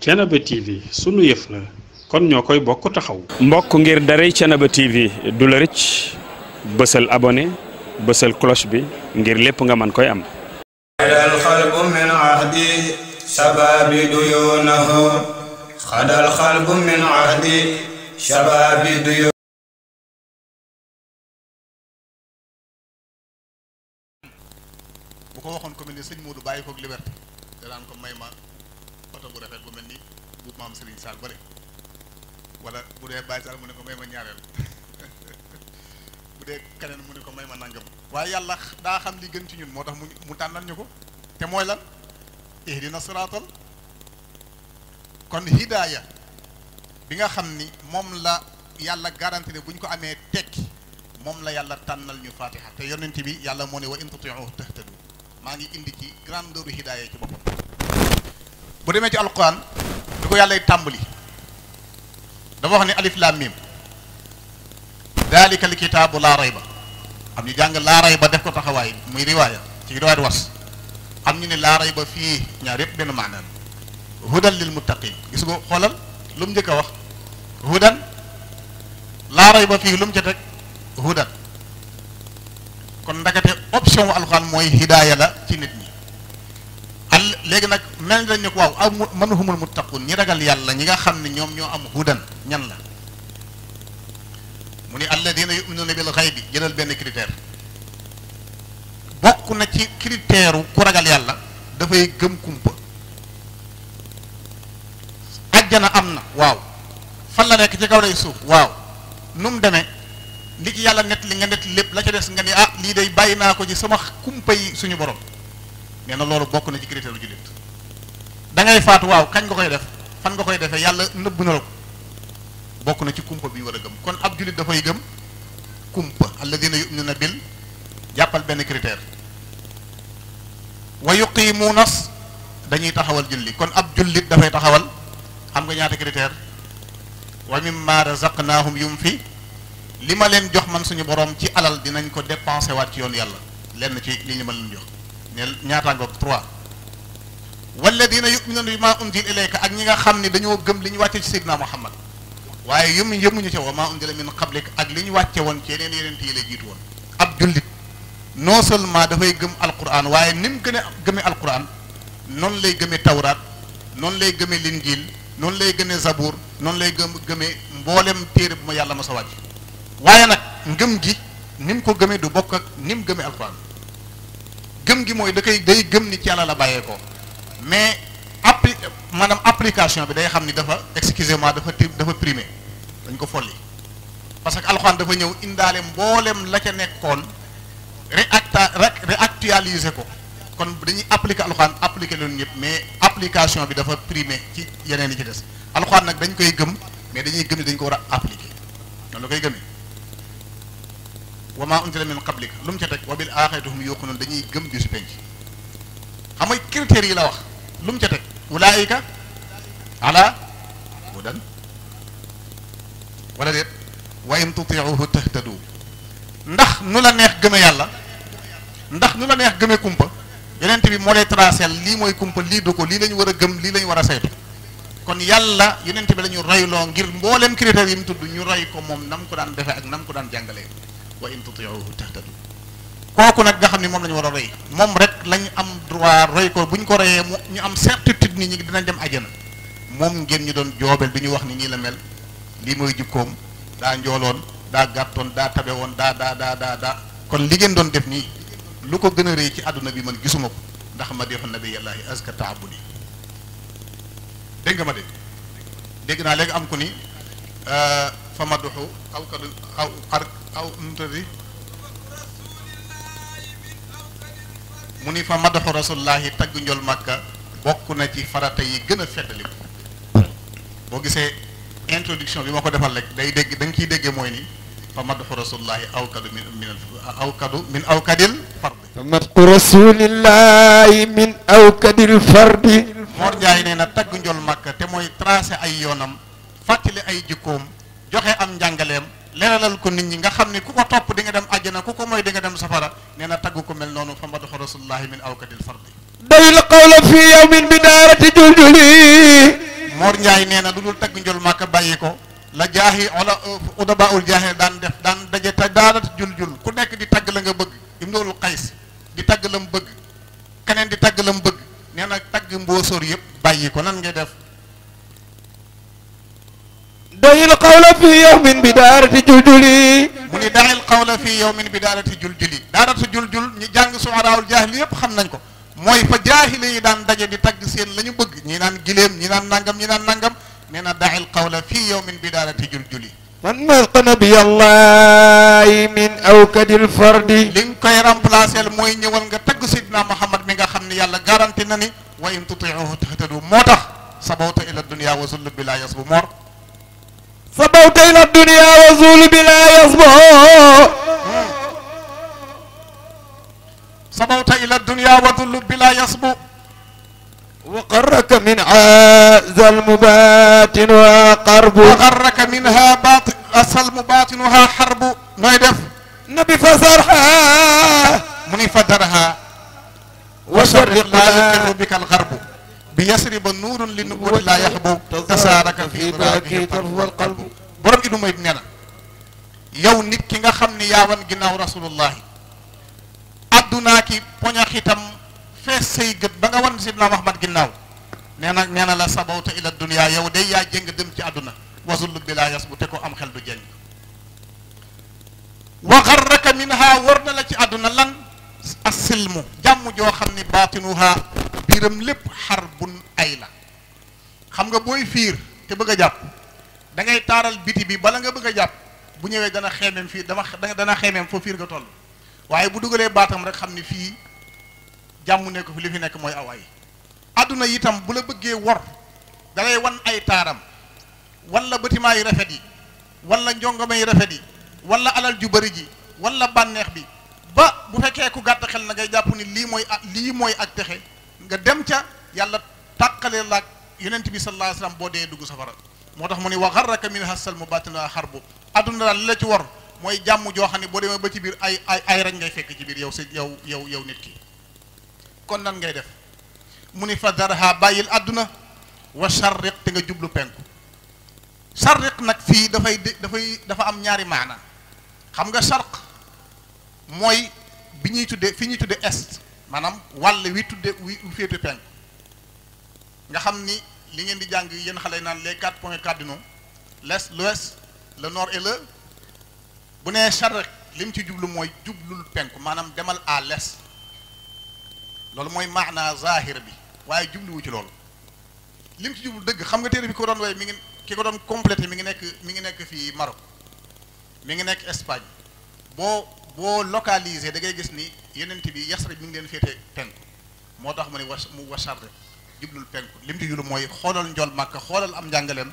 Thiénaba TV sunu yëf la kon ñoo koy bokk taxaw. mbokk ngir daray Thiénaba TV du la rëcc bësal abonné bësal cloche bi ngir lépp nga mën koy am. xadal waxoon commune sëñ Modou photo bu rafet bu mel ni bu maam Serigne saal bëri wala bu dee Baye Sall mu ne ko may ma ñaareel bu dee keneen mu ne ko may ma nangam waaye yàlla daa xam li gën ci ñun moo tax mu mu tànnal ñu ko te mooy lan ihdina siraatal kon hidaaya bi nga xam ni moom la yàlla garanti ne bu ñu ko amee tekki moom la yàlla tànnal ñu fatiha te yonent bi yàlla moo ne wa in tutiuhu tahtadu maa ngi indi ci grandeur hidaaya ci boppam bu demee ci alquran du ko yàllay tàmbali dafa wax ne alif laam miim dalika alkitaabu laa ba am ñu jàng laa rayba def ko taxawaay muy riwaaya ci riwaayat was am ñu ne laa rayba fii ñaar yëpp benn maanaan hudan lil muttaqin gis nga xoolal lu mu njëkk a wax hudan laa rayba fii lu mu ca hudan kon ndakate option wu alquran mooy hidaaya la ci nit ñi léegi nag mel nañ ne ko waaw aw man humul muttaqun ñi ragal yàlla ñi nga xam ne ñoom ñoo am hudan ñan la mu ni alladina yuminuuna bil xaybi jëlal benn critère bokk na ci critère ku ragal yàlla dafay gëm kumpa ajjana am na waaw fan la nekk ci kaw lay suuf waaw nu mu demee li ci yàlla net li nga nett lépp la ca des nga ni ah lii day bàyyi naa ko ci sama kumpa yi suñu borom nee na loolu bokk na ci critère lu jullit dangay ngay faatu waaw kañ nga koy def fan nga koy defee yàlla nëbb na la bokk na ci kumpa bi war a gëm kon ab jullit dafay gëm kumpa alladina yuminuna bil jàppal benn critère wa yuqimuuna dañuy taxawal julli kon ab jullit dafay taxawal xam nga ñaata critère wa mimma razaqnaahum yunfi li ma leen jox man suñu borom ci alal dinañ ko dépensé waat ci yoon yàlla lenn ci li ñu ma leen jox ñaata ngoog trois walladina yuminuuna bi maa undil ilayka ak ñi nga xam ne dañoo gëm li ñu wàcce ci Seydina Muhammad waaye yëm yëmuñu ca wa maa undila min qablik ak li ñu wàcce woon ci yeneen yeneen yi la jiitu woon ab jullit non seulement dafay gëm alquran waaye ni mu gën a gëmee alquran noonu lay gëmee tawraat noonu lay gëmee linjiil noonu lay gëmee zabuur noonu lay gëm gëmee mboolem téere bu ma yàlla ma sa wàcc waaye nag ngëm gi ni ko gëmee du bokk ni mu gëmee gëm gi mooy da koy day gëm ni ci yàlla la bàyyee ko mais appli maanaam application bi day xam ni dafa excusement dafa dafa dafa primé dañ ko folli parce que alxuraan dafa ñëw indaale mboolem la ca nekkoon réacta réactualiser ko kon dañuy appliquer alxuraan appliquer loolu ñëpp mais application bi dafa primé ci yeneen yi ci des alxuraan nag dañ koy gëm mais dañuy gëm ni dañ ko war a appliquer noonu la koy gëmee. waa maa unzila min qablika lu mu ca teg wa bil aaxirati hum yuuqinuun dañuy gëm bi su penc xam nga critères yi la wax lu mu ca teg ulaayika ala hudan wala déet wa in tutiuhu tahtadu ndax nu la neex gëme yàlla ndax nu la neex gëme kumpa yonent bi moo lay tracel lii mooy kumpa lii du ko lii lañ war a gëm lii lañu war a saytu kon yàlla yenenti bi la ñu royloo ngir mboolem critères yi mu tudd ñu roy ko moom nam ko daan defe ak nam ko daan jàngalee waa in tutiuhu tahtadu kooku nag nga xam ne moom lañu war a roy moom rek lañu am droit roy ko bu ñu ko royee mu ñu am certitude ni ñi dinañ dem àjjana moom ngeen ñu doon joobeel bi ñu wax ni nii la mel lii mooy jikkoom daa njooloon daa gàttoon daa tabe woon daa daa daa daa daa kon li ngeen doon def nii lu ko gën a rëy ci àdduna bi man gisuma ko ndax ma defa nabi yàllaahi aska taabudi dégg nga ma dégg dégg naa léegi am ko ni euh, fa ma duxu xaw ka aw nu mu tëddi mu ni fa madaxu rasulullahi tagg njol màkka bokk na ci farata yi gën a feddali boo gisee introduction bi ma ko defal rek day dégg danga ciy déggee mooy ni fa madaxu rasulullahi awkadu min min awkadu min awkadil fardi fa madaxu rasulillahi min awkadil fardi Mor Njaay nee na taggu njol màkka te mooy tracé ay yoonam fàttali ay jikkoom joxe am njàngaleem leeralal ko nit ñi nga xam ne ku ko topp di nga dem àjjana ku ko moy di nga dem safara nee na tagg ko mel noonu fa madaxu rasulullahi min awkadil fardi doy la qawla fi yawmin bi daarati juljuli Mor Ndiaye nee na lu dul tagg njol màkk bàyyi ko la jaahi ola udaba ul jaahi daan def daan daje te daarati juljul ku nekk di tagg la nga bëgg ibnul qays di tagg la mu bëgg keneen di tagg la mu bëgg nee na tagg mbóosóor yëpp bàyyi ko nan ngay def dañil qawla fi yawmin bi daarati juljuli mu ni dañil qawla fi yawmin bi daarati juljuli daaratu juljul ñi jàng suaraawul jaahili yëpp xam nañ ko mooy fa jaahile yi daan daje di tagg seen la ñu bëgg ñi naan gileem ñi naan nangam ñi naan nangam nee na daxil qawla fii yawmin bi daarati juljuli man matqana bi yàllaay min awkadil fardi li nga koy remplacer mooy ñëwal nga tagg sidna Muhammad mi nga xam ne yàlla garanti na ni wa in tutiuhu tahtadu moo tax sabawta ila dunia wa zullu bi la yasbu moor سبوت إلى الدنيا وزول بلا يصبح سبوت إلى الدنيا وذل بلا يصبو وقرك من هذا المباطن وقرب وقرك منها باطن أصل مباطنها حرب nooy def nabi fasarha mu ni fadarha wa sharriq la yuqirru bika al-gharbu bi yasriba nuurun li nubuwwati laa yaxbu tasaaraka fii idrakihi tarfu alqalbu borom Ibnu Muhit nee na yow nit ki nga xam ni yaawan ginnaaw rasulullahi addunaa ki poñax itam fees say gët ba nga wan sidna Muhammad ginnaaw nee na nee na la sabawta ila dunia yow day yaa jëng dem ci àdduna wazul bi laa yasbu te ko am xel du jëng wa garraka minha war na la ci àdduna lan asilmu jàmm joo xam ni baatinuha biiram lépp xar bun ay la xam nga booy fiir te bëgg a jàpp dangay ngay taaral biti bi bala nga bëgg a jàpp bu ñëwee dana xeemeem fii dama dana xeemeem foo fiir nga toll waaye bu dugalee baatam rek xam ni fii jàmm nekk fi li fi nekk mooy awaay àdduna yitam bu la bëggee wor dangay wan ay taaram wala bâtiment yi rafet yi wala njongoma yi rafet yi wala alal ju bari ji wala bànneex bi ba bu fekkee ku gàtt xel na ngay jàpp ni lii mooy lii mooy ak texe nga dem ca yàlla tàqalee laak yonent bi sallallahu alayhi wasallam boo dee dugg safara moo tax mu ne wa gharraka min hasal mubatina xarbu adduna daal li la ci war mooy jàmm joo xam ne boo demee ba ci biir ay ay ay rañ ngay fekk ci biir yow si yow yow yow nit ki kon nan ngay def mu ni fa darha bàyyil adduna wa charriq te nga jublu penku charriq nag fii dafay dafay dafa am ñaari maana xam nga charq mooy bi ñuy tudde fi ñuy tudde est maanaam wàll wi tudde wi féete penk nga xam ni li ngeen di jàng yéen xale naan les quatre points cardinaux l'est l'ouest le nord et le bu nee charrek li mu ci jublu mooy jublul penku maanaam demal à les loolu mooy maana zahir bi waaye jubluwu ci loolu li mu ci jublu dëgg xam nga téere bi ko doon way mi ngi ki ko doon complété mi ngi nekk mi ngi nekk fii Maroc mi ngi nekk Espagne boo boo localisé da ngay gis ni yenent bi yasrib mi ngi leen féete penku moo tax mu ne was mu wasarre jublul penku lim ci julu mooy xoolal njol màkk xoolal am njàngaleem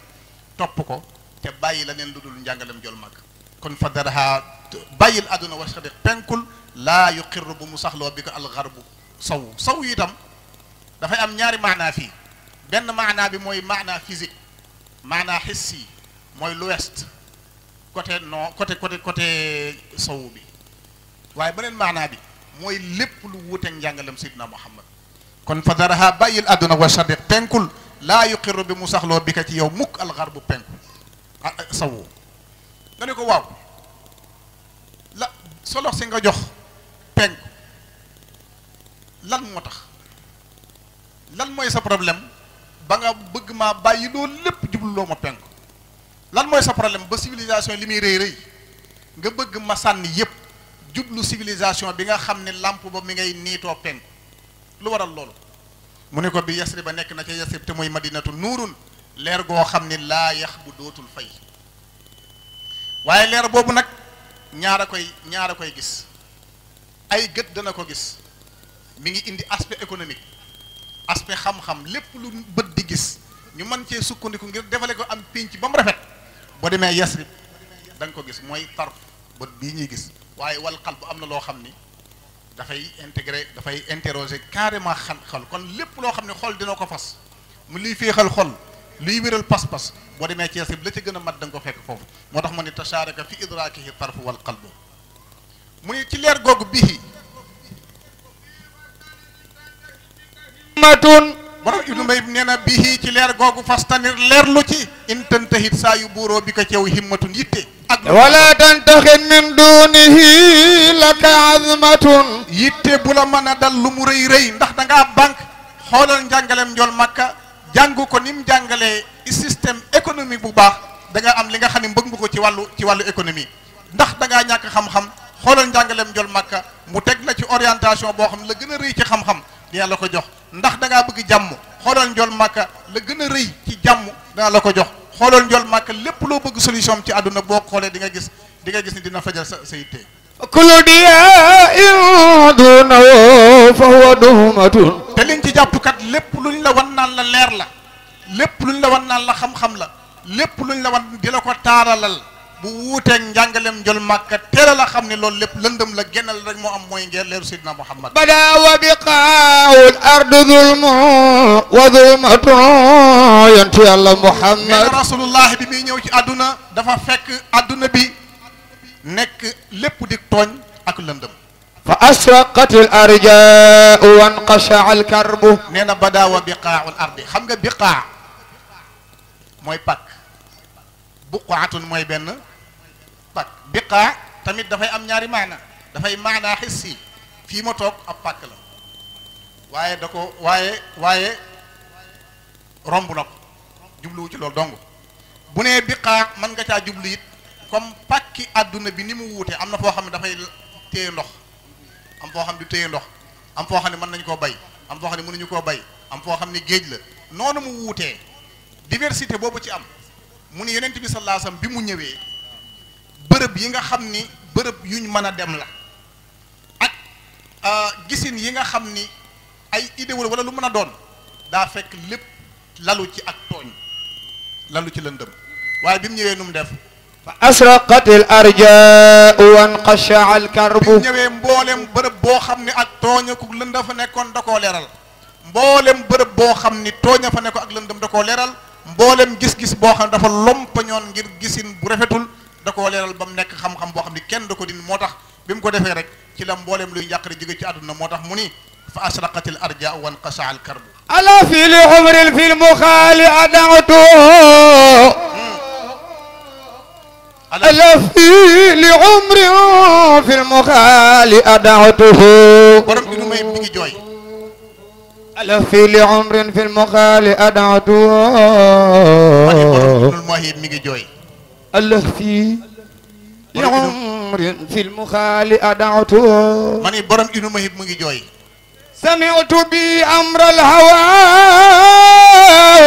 topp ko te bàyyi la neen lu dul njàngaleem njol màkk kon fa daraha bàyyil àdduna wasarre penkul laa yu yuqirru bu mu saxloo bi ko alxarbu saw saw itam dafay am ñaari maanaa fii benn maanaa bi mooy maanaa physique maanaa xissi mooy l'ouest côté no côté côté côté sow bi waaye beneen maanaa bi mooy lépp lu wuuteeg njàngalam sidna muhammad kon fa daraha bàyyil àdduna wa sharriq penkul laa yuqirru bi mu saxloo bi ka ci yow mukk alxarbu penku ah, eh, sawu ne ko waaw la solox nga jox penku lan moo tax lan mooy sa problème ba nga bëgg ma bàyyi loolu lépp jubluloo ma penku lan mooy sa problème ba civilisation li muy rëy rëy nga bëgg ma sànni yépp jublu civilisation bi nga xam ne làmp ba mi ngay niitoo penku lu waral loolu mu ne ko bi yasri ba nekk na ca yasrib te mooy madinatu nuurun leer goo xam ne laa yax bu dootul fay waaye leer boobu nag ñaar a koy ñaar a koy gis ay gët dana ko gis mi ngi indi aspect économique aspect xam-xam lépp lu bët di gis ñu mën cee sukkandiku ngir defale ko am pénc ba mu rafet boo demee yasrib da nga ko gis mooy tarf bët bi ñuy gis waaye wal xal am na loo xam ni dafay intégré dafay interroger carrément xal xol kon lépp loo xam ne xol dina ko fas mu liy féexal xol liy wéral pas-pas boo demee Cees la ca gën a mat da ko fekk foofu moo tax mu ne tashaaraka fi idrakihi tarfu wal qalbu mu ne ci leer googu bihi matun borom ibnu mbay nee na bihi ci leer googu fastanir leerlu ci in tantahit saa yu buuroo bi ko ceew himmatun yitte ak wala tantaxit min dunihi laka azmatun yitte bu la mën a dal lu mu rëy rëy ndax danga ngaa banque xoolal njàngalem njool makka jàngu ko ni mu jàngalee système économique bu baax da am li nga xam ne mbëgg nga ko ci wàllu ci wàllu économie ndax da ngaa ñàkk xam-xam xoolal njàngalem njool makka mu teg la ci orientation boo xam la gën a rëy ci xam-xam dina la ko jox ndax da bëgg jàmm xoolal njool màkka la gën a rëy ci jàmm dana la ko jox xoolal njool màkka lépp loo bëgg solution ci àdduna boo xoolee di gis di gis ni dina fajal sa sa yitte kullu diyaa dunahu fa huwa te liñ ci jàppkat lépp luñ la wan naan la leer la lépp luñ la wan naan la xam-xam la lépp luñ la wan di la ko taaralal bu wuuteeg njàngalem njol màkka teel a la xam ne loolu lépp lëndëm la génnal rek moo am mooy ngeen leeru sidna muhammad bada wa biqaawul a zulmu wa zulmatu yontu yàlla muhammad rasulullah bi muy ñëw ci àdduna dafa fekk àdduna bi nekk lépp di tooñ ak lëndëm fa asraqat al arjaau wa nqasha al karbu nee na bada wa biqaawul ardi xam nga biqaa mooy pàkk buqaatun mooy benn pàkk biqaa tamit dafay am ñaari maana dafay maanaa xissi fii ma toog ab pàkk la waaye da ko waaye waaye romb na ko jubluwu ci loolu dong bu nee biqaa man nga caa jublu it comme pàkki àdduna bi ni mu wuute am na foo xam ne dafay téye ndox am foo xam ne du téye ndox am foo xam ne mën nañu koo bay am foo xam ne mënuñu koo bay am foo xam ne géej la noonu mu wuutee diversité boobu ci am mu ni yonent bi sallallahu bi mu ñëwee bërëb yi nga xam ni bërëb yuñ mën a dem la ak euh, gisin yi nga xam ni ay idéwal wala lu mën a doon daa fekk lépp lalu ci ak tooñ lalu ci lëndëm waaye bi mu ñëwee nu mu def fa asraqatil arjaa wan qasha al karbu ñëwee mboolem bërëb boo xam ni ak tooñ ak lëndëm fa nekkoon da koo leeral mboolem bërëb boo xam ni tooñ a fa nekkoon ak lëndëm da koo leeral mboolem gis-gis boo xam ne dafa lompañoon ngir gisin bu rafetul da koo leeral ba mu nekk xam-xam boo xam ne kenn da ko din moo tax bi mu ko defee rek ci la mboolem luy njàqare jóge ci àdduna moo tax mu ni fa asraqat al arja wan qasaa al karbu ala fi li xumrin fi lmuxaali adawtu ala fi li xumrin fi lmuxaali adawtu borom gi du may ngi jooy ألفي لعمر في المقال أدعته ألفي لعمر في المقال أدعته ماني برم إنو مهيب مجي جوي سمعت بي أمر الهوى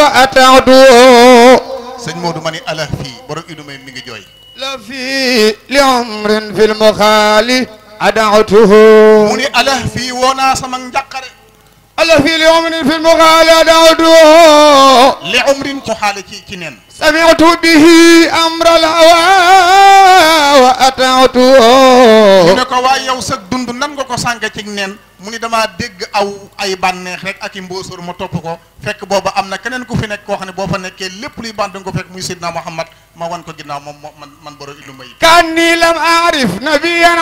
وأتعته سيد مودو ماني ألفي برم إنو مهيب مجي جوي لفي لعمر في المقال أدعته موني ألفي ونا سمن جقري الذي لعمر في المغالى دعوته لعمر تحالك كنين سمعت به أمر الهوى وأطعته منك واي يوسك دندن نمك سانك neen mu ni damaa dégg aw ay banneex rek ak i mbóosóor ma topp ko fekk booba am na keneen ku fi nekk koo xam ne boo fa nekkee lépp luy bànn danga ko fekk muy Seydina Muhammad ma wan ko ginnaaw moom man man borom illu ma yi. kan ni lam aarif nabiyan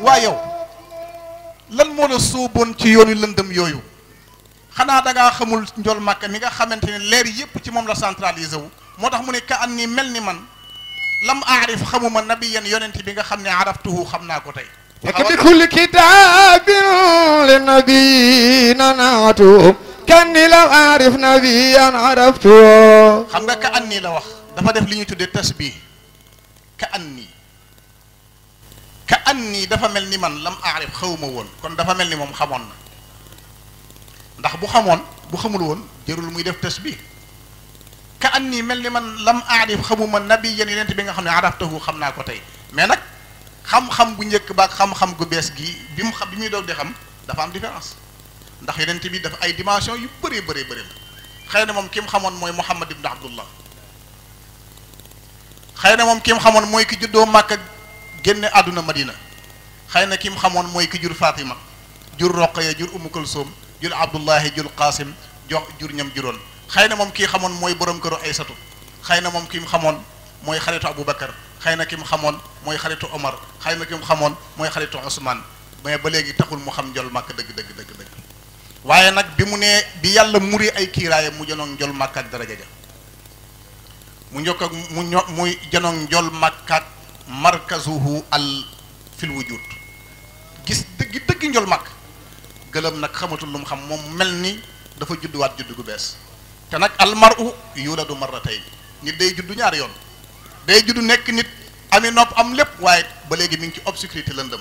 waa yow. lan moo la sooboon ci yoonu lëndëm yooyu xanaa daga xamul njol màkk mi nga xamante ne leer yëpp ci moom la centralisé wu moo tax mu ne ka an nii mel ni man lam aarif xamuma nabiyan yonent bi nga xam ne araftuhu xam naa ko tey لقد كل كتاب للنبي ننعته كاني لو أعرف نبيا عرفته xam nga ka la wax dafa def li ñuy tuddee tasbih ka anni ka an nii dafa mel ni man lam aarif xawma woon kon dafa mel ni moom xamoon na ndax bu xamoon bu xamul woon jërul muy def tasbih ka an nii mel ni man lam aarif xamuma nabiyan yonent bi nga xam ne araftahu xam naa ko tey mais nag xam-xam bu njëkk ba xam-xam gu bees gii bi mu xam bi muy doog di xam dafa am différence ndax yonent bi dafa ay dimension yu bare bëree bëri la xëy na moom kim xamoon mooy Muhammad ibn Abdullah xëy na moom ki mu xamoon mooy ki juddoo Màkka génne àdduna madina xëy na ki mu xamoon mooy ki jur Fatima jur Roqaya jur Umu Kulsum jur Abdullahi jur Qasim jox jur ñam juróon xëy na moom kii xamoon mooy borom këru Aysatu xëy na moom ki mu xamoon mooy xaritu Aboubacar xëy na ki mu xamoon mooy xaritu Omar xëy na ki xamoon mooy xaritu Ousmane mais ba léegi taxul mu xam njol màkk dëgg dëgg dëgg dëgg waaye nag bi mu nee bi yàlla muri ay kiiraayam mu janoog njol màkk ak daraja ja mu njokk ak mu ño muy markazuhu al fil wujud gis dëgg dëgg njol mag gëlëm nag xamatul lu mu xam moom mel ni dafa judduwaat judd gu bees te nag al mar'u yuladu tey nit day juddu ñaar yoon day juddu nekk nit ami nopp am lépp waaye ba léegi mi ngi ci obscurité lëndëm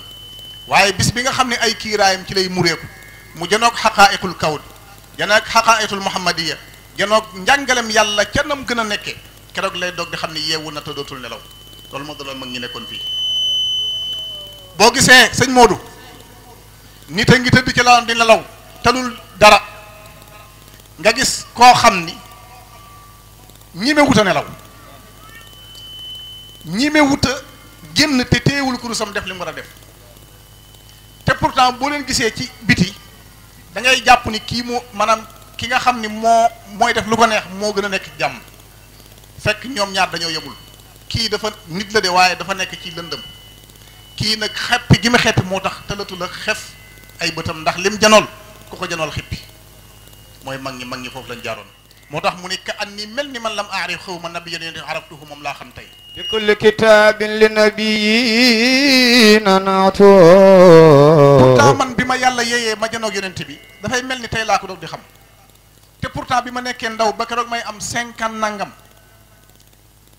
waaye bis bi nga xam ne ay kiiraayam ci lay mureeku mu janoog xaqaa xaqaa'iqul kawn janoog xaqaa'iqul muhammadiya janoog njàngalem yàlla ca nam gën a nekke keroog lay dog di xam ne yeewu na te dootul nelaw loolu moo daloon mag ñi nekkoon fii boo gisee sëñ Modou nit a ngi tëdd ci lalam di nelaw talul dara nga gis koo xam ni ñimewuta nelaw ñime wut a génn te téewul kurusam def li mu war a def te pourtant boo leen gisee ci biti da jàpp ni kii moo maanaam ki nga xam ni moo mooy def lu ko neex moo gën a nekk jàmm fekk ñoom ñaar dañoo yemul kii dafa nit la de waaye dafa nekk ci lëndëm kii nag xeppi gi ma xeppi moo tax talatu la xef ay bëtam ndax lim janool ku ko janool xippi mooy mag ñi mag ñi foofu lañ jaaroon moo tax mu ne ka nii mel ni man lam aarif xew ma nabi yeneen arabtuhu moom laa xam tey bi kulli kitaabin li nabiyina naatu pourtant man bi ma yàlla yeeyee ma janoog yonent bi dafay mel ni tey laa ko doog di xam te pourtant bi ma nekkee ndaw ba keroog may am cinquante nangam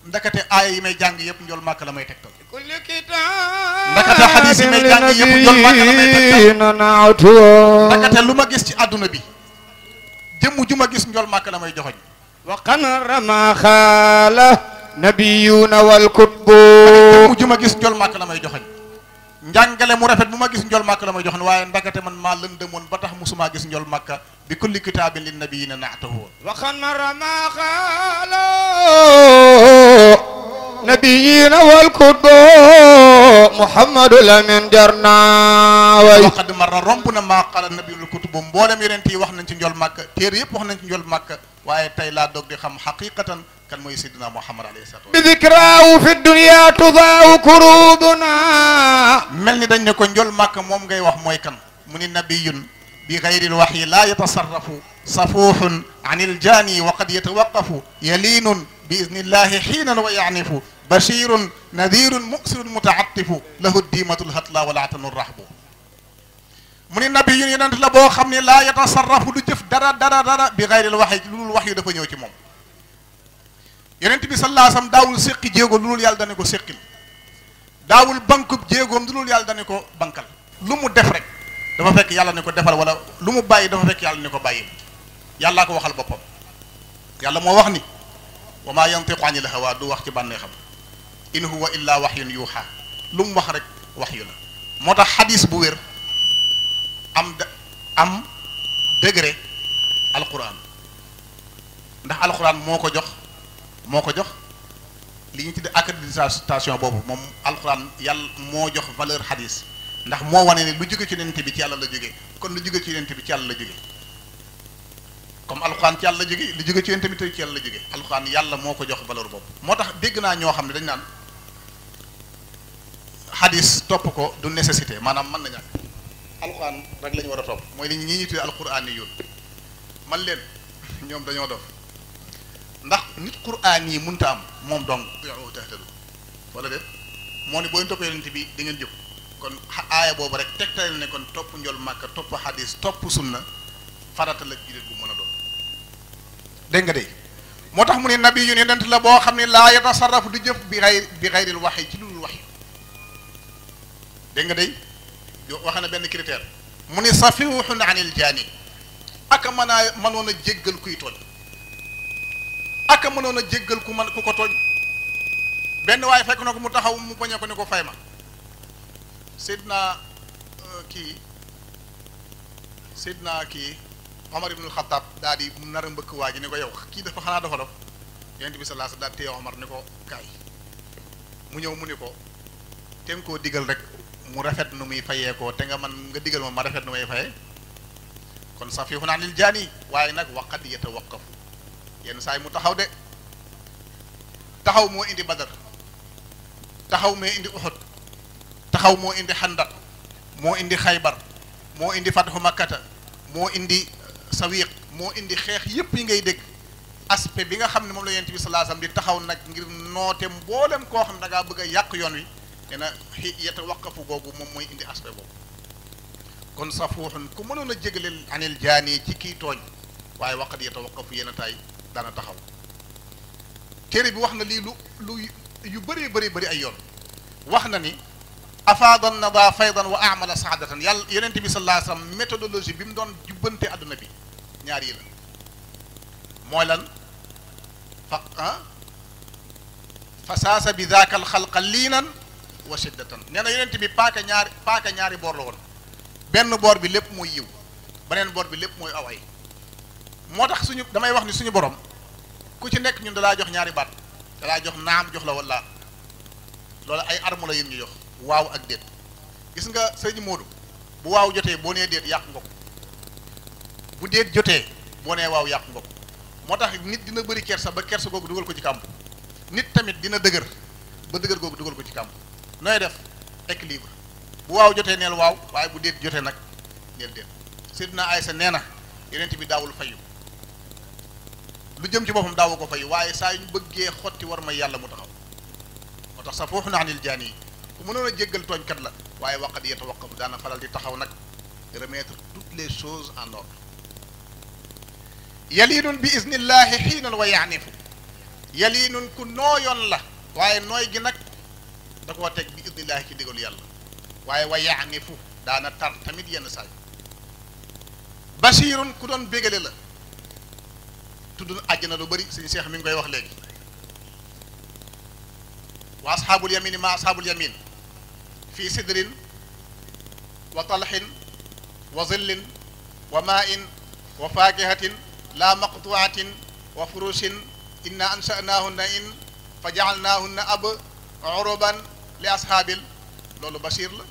ndakate aaya yi may jàng yëpp njol màkk la may teg ndakate xadiis yi may jàng yëpp ndakate lu ma gis ci àdduna bi jëmm ju ma gis njol màkk la may joxoñ wa qanarama xaala nabiyuna wal kutbu jëmm ju ma gis njol màkk la may joxoñ njàngale mu rafet bu ma gis njol màkk la ma jox joxoon waaye ndagate man maa lëndëmoon ba tax mosumaa gis njol màkka bi kulli kitaabin lin a naatahu waxan ma rama xaalo نبيين والكتب محمد لمن جرنا وي وقد مر ربنا ما قال النبي الكتب مبولم يرنتي wax nañ ci njol makka téer yépp wax nañ ci njol makka waaye tey laa doog di xam xaqiqatan kan mooy Seydina Muhammad alayhi salaatu bi dikraahu fi dunya tudaaw kurubuna mel ni dañ ne ko njol makka moom ngay wax mooy kan mu ni nabiyun bi gayril waxyi laa yatasarrafu safuuxun an il jaani wa qad yatawaqafu yaliinun bi idnillahi xiinan wa yaanifu bashirun nadirun musirun mutaatifu lahu diimatul hatla wala atanu rahbu mu ni nabi yun yonent la boo xam ne laa yatasarrafu du jëf dara dara dara bi gayril waxyi lu dul wax yu dafa ñëw ci moom yonent bi sallallahu alayhi wasallam daawul séqi jéego lu dul yàlla dane ko séqil daawul bank jéegoom lu dul yàlla dane ko bankal lu mu def rek dafa fekk yàlla ne ko defal wala lu mu bàyyi dafa fekk yàlla ne ko bàyyi yàllaa ko waxal boppam yàlla moo wax ni wa maa yantiqu anil du wax ci bànneexam in huwa illa waxyun yuuxa lu mu wax rek waxyu la moo tax xadis bu wér am am degré alquran ndax alquran moo ko jox moo ko jox li ñu tuddee accréditation boobu moom alquran yàlla moo jox valeur xadis ndax moo wanee lu jóge ci yonent bi ci yàlla la jóge kon lu jóge ci yonent bi ci yàlla la jógee comme alquran ci yàlla la jógee lu jóge ci yonent bi ci yàlla la jógee alquran yàlla moo ko jox valeur boobu moo tax dégg naa ñoo xam ne dañ naan xadis topp ko du nécessité maanaam man na ñàkk alxuraan rek la ñu war a topp mooy li ñi ñu tuddee alxuraan yi yoon man leen ñoom dañoo dof ndax nit quraan yi mënta am moom dong yow taxtalu wala déet moo ne boo ñu toppee bi di ngeen jub kon aaya boobu rek tegtal ne kon topp njol màkka topp xadis topp sunna farata la jullit bu mën a doon nga de moo tax mu ne nabi yu yonent la boo xam ne laa yatasarrafu du jëf bi xayril waxyi ci dégg nga day wax na benn critère mu ni safihun anil jaani aka mën a mënoon a jéggal kuy tooñ aka mënoon a jéggal ku man ku ko tooñ benn waaye fekk na ko mu taxaw mu bañee ko ne ko fay ma naa euh, kii Seydina kii Omar ibnul Xataab daal di nar a mbëkk waa ji ne ko yow kii dafa xanaa dafa dof yonent bi sallallahu daal téye Omar ne ko kaay mu ñëw mu ni ko te nga koo digal rek mu rafet nu muy fayee ko te nga man nga digal ma ma rafet nu may faye kon sax fii fu naan lil jaani waaye nag waqat yeta waqafu yenn saa yi mu taxaw de taxaw moo indi badar taxaw moo indi uxut taxaw moo indi xandak moo indi xaybar moo indi fatxu makkata moo indi sa uh, sawiq moo indi xeex yépp yi ngay dégg aspect bi nga xam ne moom la yonent bi sallallahu alayhi wasallam di taxaw nag ngir noote mboolem koo xam ne da bëgg a yàq yoon wi nee na xi yeta waqafu googu moom mooy indi aspect boobu kon safuuxun ku mënoon a jégaleel anil jaani ci kii tooñ waaye waqat yeta waqafu yenn taay dana taxaw téere bi wax na lii lu lu yu bëree bëri bëri ay yoon wax na ni afaadan nada faydan wa amala saadatan yàlla yonent bi sallallahu alayhi wasallam méthodologie bi mu doon jubbante àdduna bi ñaar yi la mooy lan fa ah? fasaasa bi daaka alxalqa liinan wa shiddatan nee na yonent bi paaka ñaari paaka ñaari boor la woon benn boor bi lépp mooy yiw beneen boor bi lépp mooy aw ay moo tax suñu damay wax ni suñu borom ku ci nekk ñun dalaa jox ñaari baat dalaa jox naam jox la walla loolu ay arme la ñu jox waaw ak déet gis nga sëñ Modou bu waaw jotee boo nee déet yàq nga ko bu déet jotee boo nee waaw yàq nga ko moo tax nit dina bëri kersa ba kersa googu dugal ko ci kàmb nit tamit dina dëgër ba dëgër googu dugal ko ci kàmb nooy def équilibre bu waaw jotee neel waaw waaye bu déet jotee nag neel déet Seydina Aysa nee na yonent bi daawul fayu lu jëm ci boppam daawu ko fayu waaye saa yu ñu bëggee xotti war may yàlla mu taxaw moo tax sa foofu naanil jaan yi ku mënoon a jéggal tooñkat la waaye waqat yeta waqafu daana faral di taxaw nag remettre toutes les choses en ordre yalinun bi isnillahi xiinal wa yaanifu yalinun ku nooyoon la waaye nooy gi nag da koo teg bi idnillaahi ci digalu yàlla waaye wa yaanifu daana tar tamit yenn saay basiirun ku doon bégale la tudd àjjana lu bëri suñu seex mi ngi koy wax léegi wa asxaabul yamin ma asxaabul yamin fii sidrin wa talxin wa zillin wa maain wa faakihatin la maqtuatin wa furushin inna ansha'naahunna in fa ja'alnaahunna ab uruban li ashaabil loolu bashir la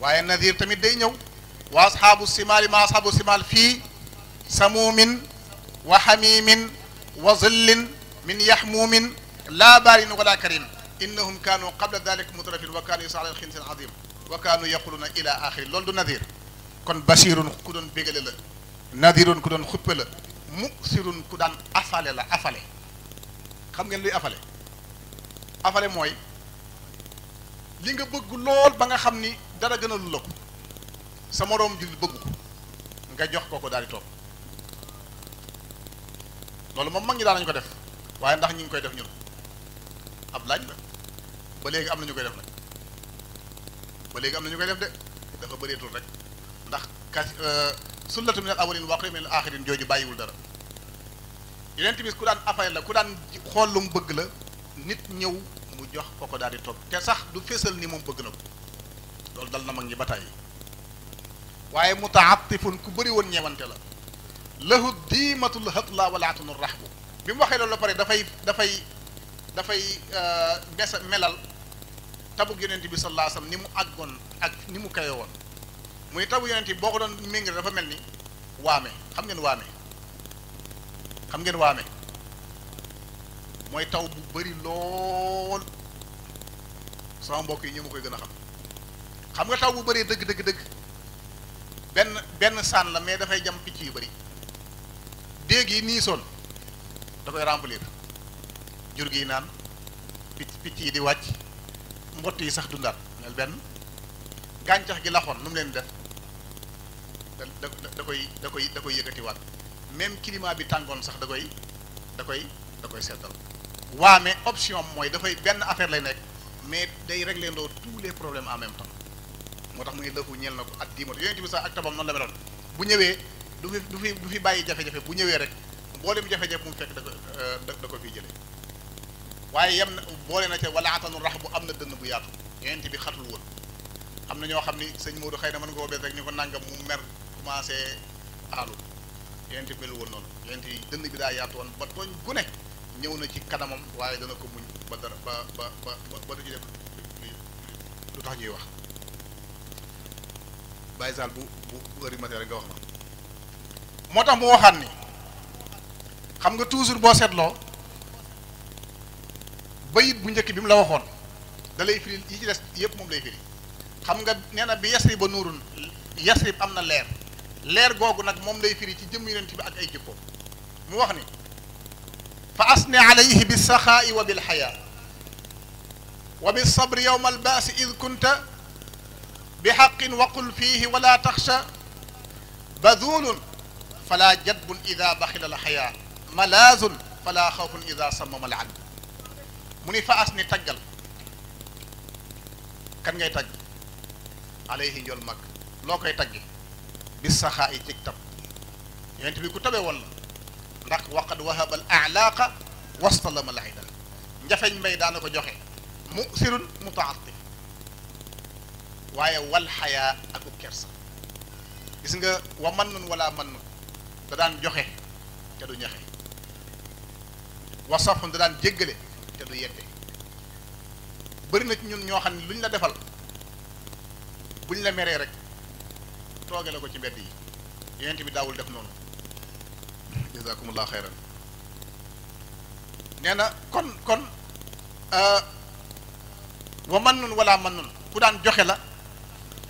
waaye nadir tamit day ñëw wa ashaabu simaali ma ashaabu simaal fii samuumin wa xamimin wa zillin min yaxmuumin laa baarin wala karim innahum kaanu qabla dalik mutrafin wa kaanu yasaala xinsin azim wa kaanu yaquluna ila axiri loolu du nadir kon basirun ku doon bégale la nadirun ku doon xuppe la musirun ku daan afale la afale xam ngeen luy afale afale mooy li nga bëgg lool ba nga xam ni dara gënalu la ko sa moroom jullit bëgg ko nga jox ko ko daal di toog loolu moom mag ñi daan nañu ko def waaye ndax ñu ngi koy def ñun ab laaj la ba léegi am na ñu koy def nag ba léegi am na ñu koy def de dafa bëreetul rek ndax kas euh, sunnatu minal awwalin wa qaliilun minal aaxirin jooju bàyyiwul dara yeneen tamit ku daan afale la ku daan xool lu mu bëgg la nit ñëw mu jox ko ko daal di toog te sax du fésal ni moom bëgg na ko loolu dal na mag ñi ba tàyyi waaye mutaatifun ku bëri woon ñeewante la lahu diimatul hatla walaatunu rahbu bi mu waxee loolu pare dafay dafay dafay euh, mesa melal tabug yonent bi sallallahu alayhi wasallam ni mu àggoon ak ni mu kawe woon muy tabu yonent boo ko doon méngale dafa mel ni waame xam ngeen waame xam ngeen waame mooy taw bu bari lool sama mbokk yi ñu ma koy gën a xam xam nga taw bu bëree dëgg dëgg benn benn sànn la mais dafay jam picc yu bëri déeg yi nii soon da koy remplir jur gi naan picc picc yi di wàcc mbott yi sax dundaat nel benn gàncax gi laxoon nu mu leen def da da koy da koy da koy yëkkatiwaat même climat bi tàngoon sax da koy da koy da koy seddal waa mais option mooy dafay benn affaire lay nekk mais day régler ndoo tous les problèmes en même temps moo tax mu ne lëfu ñeel na ko ak diimatu yonent bi sax ak tabam noonu la meloon bu ñëwee du fi du fi bàyyi jafe-jafe ñëwee rek mboolem jafe-jafe mu fekk da ko da ko fiy jëlee waaye yem na boole na ca wala atanu rax bu am na dënn bu yaatu yonent bi xatul woon am na ñoo xam ni sëñ Modou xëy na mën nga koo bees rek ñu ko nangam mu mer commencé aalu yonent bi melu woon noonu yonent yi dënn bi daa yaatu woon ba tooñ gu ñëw na ci kanamam waaye dana ko muñ ba dara ba ba ba ba du ci lu tax ñuy wax bàyyi bu bu heure matee rek nga wax ma moo tax mu waxaat ni xam nga toujours boo seetloo bayit bu njëkk bi mu la waxoon da lay firi yi ci des yëpp moom lay firi xam nga nee na bi yasrib ba nuurun bi am na leer leer googu nag moom lay firi ci jëm yonent bi ak ay jikko mu wax ni fa asni alayhi bilsaxaai wa bilxayaa wa bilsabri yowma albaasi id kunta bixaqin waqul fiihi wala taxsha baduulun fala jadbun ida baxila alxayaa malaazun fala xawfun ida sammama alabd mu ni fa asni taggal kan ngay tagg alayhi njool mag loo koy taggi bi saxaa yi cig tab yonent bi ku tabe woon la ndax waqad wahaba al alaaqa wastalama al ayna njafeñ mbay daana ko joxe mu sirun mutaatif waaye wal xayaa aku kersa gis nga wa man wa wala man nun da daan joxe te du ñaxe wa safun da daan jéggale te du yedde bëri na ñun ñoo xam ne lu la defal bu ñu la meree rek tooge la ko ci mbedd yi yonent bi daawul def noonu jazakumullahu xayran nee na kon kon euh, wa man nun wala man nun ku daan joxe la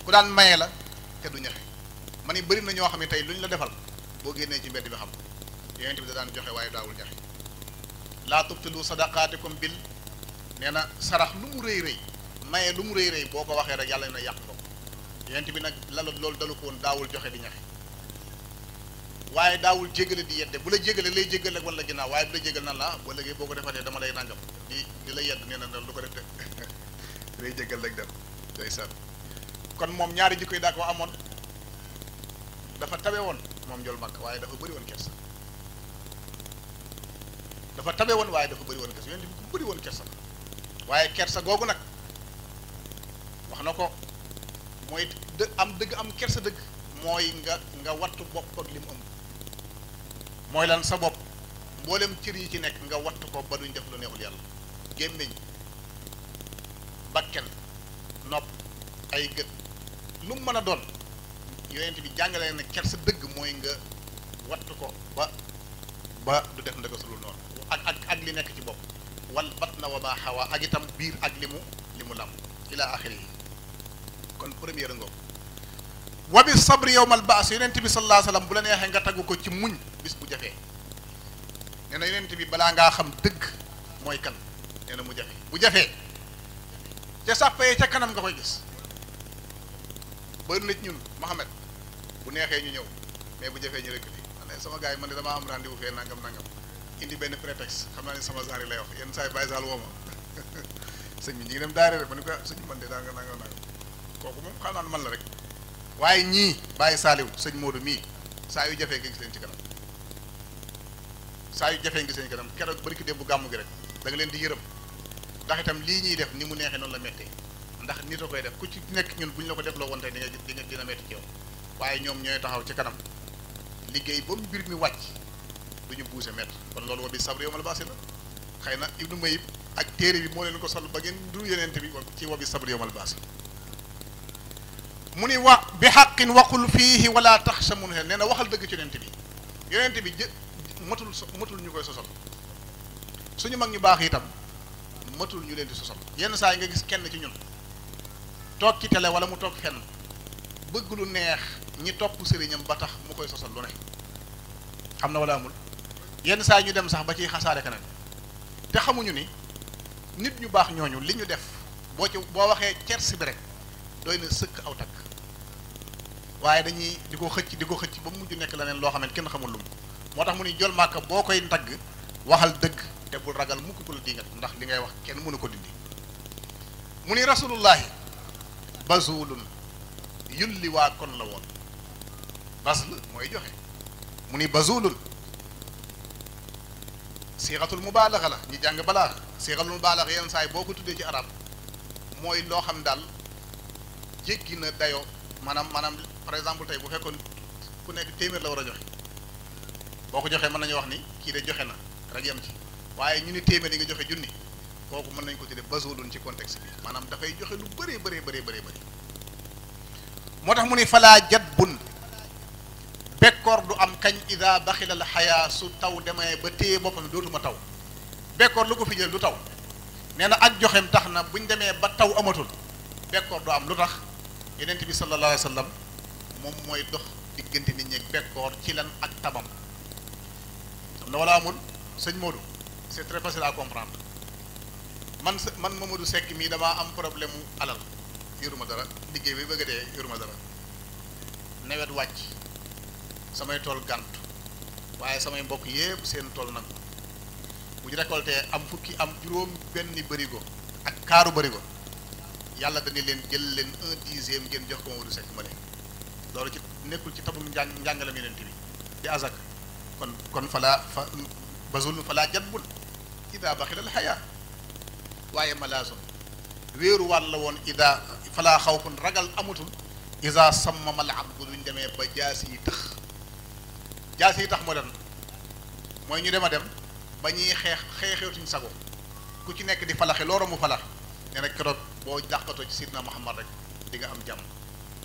ku daan maye la te du ñaxe ma ni bëri na ñoo xam ne tey lu ñu la defal boo génnee ci mbedd bi xam yonent bi da daan joxe waaye daawul ñaxe laa tubtilu sadaqaatikum bil nee na sarax lu mu rëy rëy maye lu mu rëy rëy boo ko waxee rek yàlla na yàq ko yonent bi nag lala loolu dalu ko woon daawul joxe di ñaxe waaye daawul jégale di yedde bu la jégale lay jégal ak la ginnaaw waaye bu la jégal nan la wala gi boo ko defatee dama lay nangam di di la yedd nee na dal ko def de lay jégal rek dem day sat kon moom ñaari jikko yi daa ko amoon dafa tabe woon moom jol makk waaye dafa bëri woon kersa dafa tabe woon waaye dafa bari woon kersa yéen dafa bari woon kersa waaye kersa googu nag wax na ko mooy dë am dëgg am kersa dëgg mooy nga nga wattu bopp ak mooy lan sa bopp mboolem cër yi ci nekk nga watt ko ba duñ def lu neexul yàlla gémmiñ bakken nopp ay gët lu mën a doon yonent bi jàngale na ker sa dëgg mooy nga watt ko ba ba du def ndaka sulul noonu ak ak ak li nekk ci bopp wal bat na wa maa xawaa ak itam biir ak li mu li mu lam ila axiri yi kon première ngoob wa bi sabri yowmal baas yonent bi sallallahu alayhi wasallam bu la neexee nga tagg ko ci muñ bis bu jafee nee na bi balaa ngaa xam dëgg mooy kan nee mu jafe bu jafee ca sàppee ca kanam nga koy gis bëri na ci ñun Mohamed bu neexee ñu ñëw mais bu jafee ñu rek li sama gars yi man de damaa am rendez-vous fee nangam indi benn prétexte xam naa ne sama genre lay wax yenn saa bàyyi saal woo ma sëñ bi ñu ngi dem daare rek ma ne ko ah, sëñ bi man de daa nga nangam waaye ñii bàyyi saaliw sëñ Modou mii saa yu jafee nga gis ci kanam saa yu jafee nga gis leen kanam keroog bari ki dem bu gàmmu gi rek da leen di yërëm ndax itam lii ñuy def ni mu neexee noonu la méttee ndax nit a koy def ku ci nekk ñun bu ñu la ko def loo woon tey di nga di nga dina métti ci yow waaye ñoom ñooy taxaw ci kanam liggéey ba mbir mi wàcc du ñu buuse métti kon loolu wa bi sabri yow ma la baasi la xëy na ibnu mayib ak téere bi moo leen ko sol ba ngeen du yeneen bi ci wa bi sabri yow la baasi mu ni wa bi xaqin waqul fiihi wala tax sa mun xel nee na waxal dëgg ci yonent bi yonent bi jë matul matul ñu koy sosal suñu mag ñu baax itam matul ñu leen di sosal yenn saa yi nga gis kenn ci ñun toog ci télé wala mu toog fenn bëgg lu neex ñi topp sëriñam ba tax mu koy sosal lu ne am na wala amul yenn saa yi ñu dem sax ba ciy xasaare keneen te xamuñu ni nit ñu baax ñooñu li ñu def boo ci boo waxee cersi bi rek doy na sëkk aw takk waaye dañuy di ko xëcc di ko xëcc ba mujj nekk leneen loo xam ne kenn xamul lu moo tax mu ni jol màkk boo koy ntagg waxal dëgg te bul ragal mukk ku la dingat ndax li ngay wax kenn mënu ko dindi mu ni rasulullahi basulun yulli waa kon la woon basl mooy joxe mu ni basulun siixatul mubaalaxa la ñu jàng balaax siixatul mubaalaxa yenn saa yi boo ko tuddee ci arab mooy loo xam daal jekki na dayo maanaam maanaam par exemple tey bu fekkoon ku nekk téeméer la war a joxe boo ko joxee mën nañu wax ni kii de joxe na rek yem ci waaye ñu ni téeméer yi nga joxe junni kooku mën nañ ko tuddee basoolun ci contexte bi maanaam dafay joxe lu bëree bëree bëree bëree bëri moo tax mu ni falaa jat bun bekkoor du am kañ ida baxilal xayaa su taw demee ba téye boppam dootuma taw bekkoor lu ko fi jël du taw nee na ak joxem tax na buñ demee ba taw amatul bekkoor du am lu tax yenent bi sallallahu alayhi wa sallam moom mooy dox diggante nit ñi bekkoor ci lan ak tabam xam amul sëñ Modou c'est très facile à comprendre man sa man Mamadou Seck mii damaa am problème mu alal yëruma dara liggéey bi bëgg a dee yoruma dara nawet wàcc samay tool gàntu waaye samay mbokk yépp seen tool nag bu ñu am fukki am juróom benn bërigo ak kaaru bërigo yàlla dañu leen jël leen un dixième ngeen jox ko Mamadou Seck ma ne loolu ci nekkul ci tabum njàng njàngalam yonent bi di azak kon kon falaa fa bazul falaa jatbun ida baxilal xayaa waaye malaasun wéeru wàll la woon ida falaa xawfun ragal amatul isa am abdu duñ demee ba jaas yi tëx jaas yi tax moo doon mooy ñu dem a dem ba ñuy xeex xeexeetuñ sago ku ci nekk di falaxe looro mu falax nee na boo dàqatoo ci sidna muhammad rek dinga am jàmm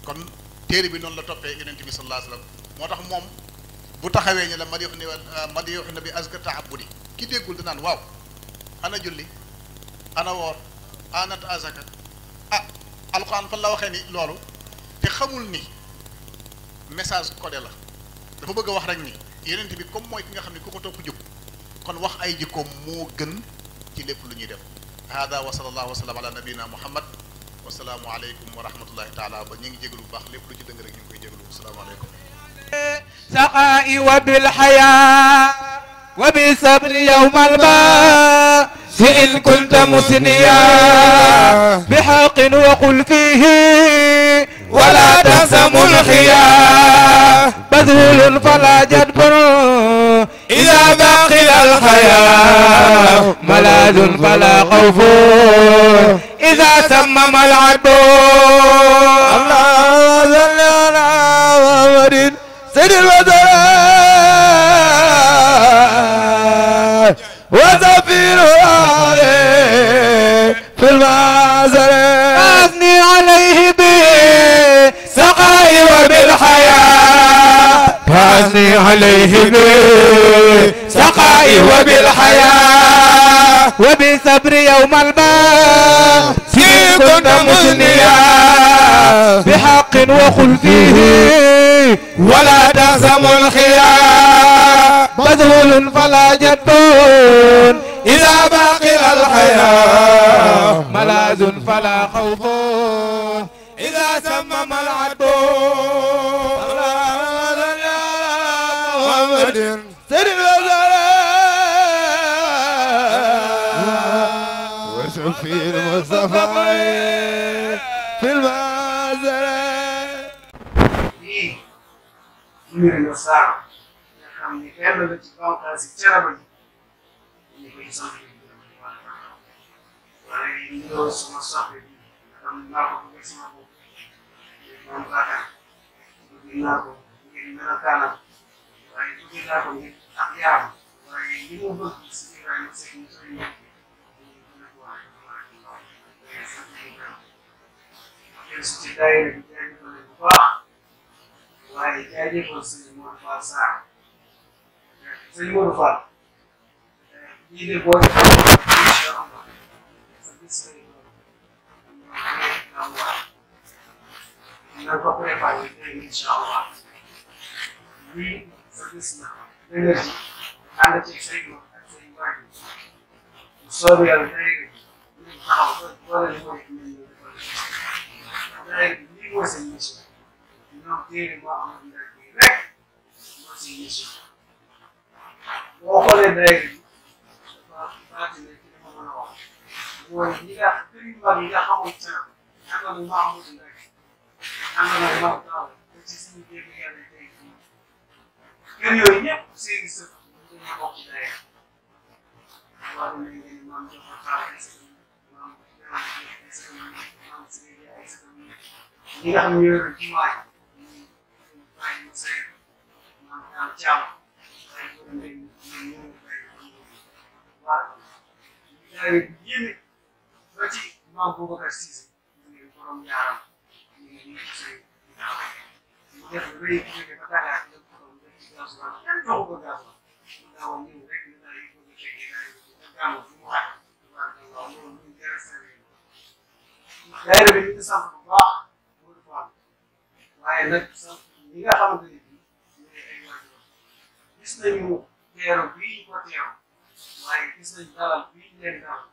kon téere bi noonu la toppee yonent bi sallallahu alayhi wasallam moo tax moom bu taxawee ñu la madiox ni ah, madiox na bi azka taabudi ki déggul danaan waaw ana julli ana anat azaka ah alquran fan la waxee ni loolu te xamul ni message codé la dafa bëgg a wax rek ni yonent bi comme mooy ki nga xam ne ku ko topp jub kon wax ay jikkoom moo gën ci lépp lu ñuy def hada wa sallallahu wa sallam ala nabina muhammad wasalaamualeykum wa rahmatullahi taala ba ñu ngi jégalu bu baax lépp lu ci dëng rek ñu ngi koy jégalu asalaamaaleykum سقائي وبالحياة وبصبر يوم الماء إن كنت مسنيا بحق وقل فيه ولا تسم الخيا بذل فلا جدب إذا باقي الحياة ملاذ فلا خوف إذا تمم العدو الله صل على محمد سيد الوزراء وزفير عليه في المعزل أثني عليه به سقاي وبالحياة فأثني عليه بالسقاء وبالحياة وبالصبر يوم الماء كنت مثنيا بحق وقل فيه ولا تهزم الخيام بذل فلا جد إذا باقي الحياة ملاذ فلا خوف إذا سمم العدو Kabir Sëriñ Basara wasal fi Mustafa fi Basara nga xam ne benn la ci bawkaasi caraba ji ñu koy sant waaye ñoo sama soxla bi nga xam ne laa ko bëgg sama bopp moom laa ko bëgg naa ko ngir mën a kaanam taxawal ak yaram waaye li mu bëgg si Ibrahima Seck ñu koy nekk ci daayira bi jaajëfal bu baax waaye jaajëfal sëñ Mor Fall Sarr sëñ Mor Fall lii de boo na ko préparé tey incha allah dëgg ànd ci say góor ak say mbaa yi bu soobee yàlla day ñu taxaw wala ñu war a ñu ñu defal day lii mooy seen mission ñoom téere moo am ndax bi rek mooy seen mission boo xoolee day dafa baati ne ci dama mën a wax mooy ñi nga prix mag yi nga xamul ci naka mu maamu rek naka mu maamu taw ci suñu jéem yàlla kër yooyu ñëpp seeni sëf dañuy bokk dayoo war nañ leen maam jox ko baax ay sëñ maam ay sëñ maam sëñ ay sëñ ñi nga xam ne ñoo yor jiwaay bàyyi mu sëñ maam daam jàmm ay ko leen ñoo bàyyi waaw daay yéene ba ci maam Boubacar Cissé mu ne borom yaaram ñu ngi ñu sëñ ñu def rëy jóge ba Dakar daayira bi ñu ngi sant bu baax waaye nag sant ñi nga xamante ne bii ñooy ay wàllu gis nañu teeru bii ñu ko teew waaye gis nañu dalal bii ñu leen dalal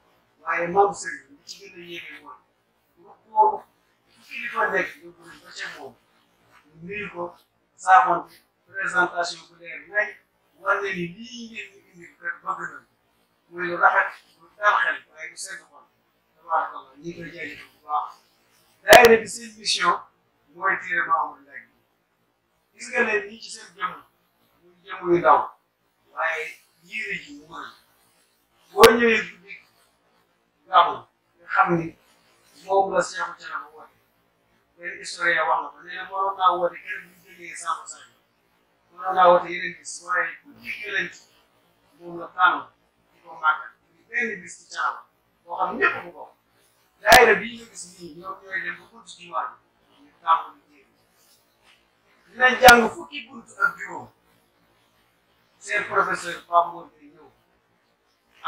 waaye moom Serigne li ci gën a yéeme woon lu ko kilifa nekk ñu bëri ba ca moom nuyu ko saafoon présentation bu leer nañ war na ni lii ngeen ñu indi kër bëgg na muy lu rafet lu dal xel waaye lu sedd xol tabarakallah ñu ngi koy jaajëfal bu baax daayira bi seen mission mooy téere Mamoul Ndack gis nga leen nii ci seen jëmm muy jëmm yu ndaw waaye yéene ji mu mën boo ñëwee guddi gàmmu nga xam ni moom la Seexu Canaba woote benn historien wax na ko nee na waroon naa woote kenn bu ñu jógee mën naa woote yeneen bis waaye guddi yeneen moom la tànn di ko màggal di benn bis ci Thiénaba boo xam ñëpp ko bokk daayira bii ñu gis nii ñoom ñooy dem ba buntu jumaa bi ñu tàmbali jéem dinañ jàng fukki buntu ak juróom seen professeur Pape Mor day ñëw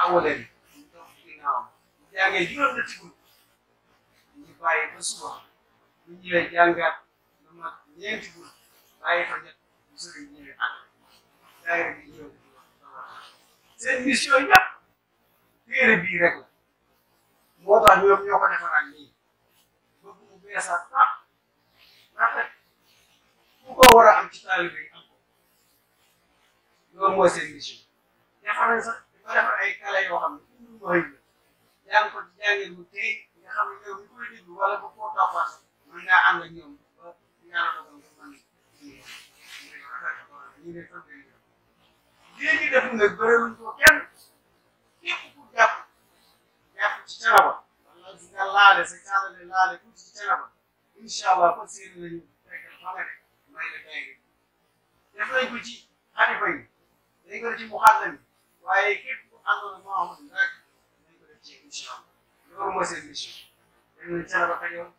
awaleen ñu toog ginnaawam bu jàngee juróom na ci buntu ñu bàyyi ba suba ñu ñëwee jàngaat lu mat ñeenti buntu bàyyi fa ñett sëriñ bi ñooy ànd daay rek ñëw seen mission yëpp téere bii rek la moo tax ñoom ñoo ko defaraat nii ba mu beesaat ah rafet bu ko war a am ci taalibe yi am ko loolu mooy seen mission defar nañ sax dafa defar ay kala yoo xam ne pour mu xëy la yaa ngi ko jàngee mu tey nga xam ne ñoom ñu koy déglu wala ba koo taxawaat mën ngaa ànd ak ñoom ba ñaanal ko diine toog day def lii ñu def nag bëriwuñ ko kenn képp ku jàpp jàpp ci canaba wala di nga laale sa caalale laale ku ci canaba incha allah fas yéene nañu fekk fa nga ne may la tey def nañ ko ci xalifa yi dañ ko ci muxallam waaye képp ku àndoon ak Muhammad rek dañ ko def ci incha allah loolu mooy seen mission dañ leen canaba kañoo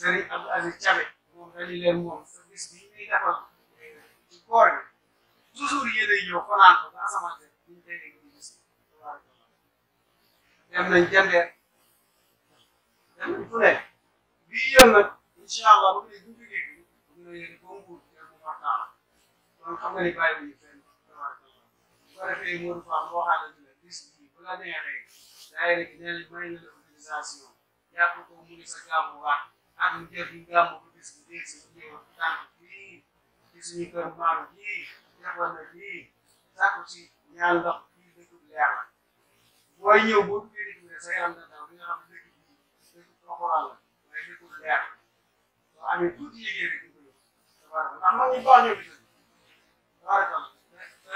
sëriñ Abdou Aziz Thiabe dañu leen moom sa bis bi ñuy defal ci koor gi toujours yéen a ñëw fanaan ko ba asamante ñu ngi koy egg bis dem nañ jëndee dem nañ fu ne bii yoon nag incha allah bu dee junj gi dina yéen ba mu wut yéen mu waxtaan kon xam nga ni bàyyi wu ñu fenn bu ko defee Modou Fall boo xamante ne bis bi bu la neexee daa yéen a ngi ne may na la utilisation yàq ko mu ne sa gàmmu waat. ànd kër gi nga mu gis gis suñu tànk bii ci suñu kër maam bii defoon na bii sàkku ci ñaan ndox bii dëkk bi yàlla booy ñëw boo duggee dëkk bi say am na daw li nga xam ne dëkk bi dëkk alxuraan la waaye dëkk bu leer soo amee tuuti yëgee rek ñu koy wax ndax man ñu baax ñoo gis tabarakal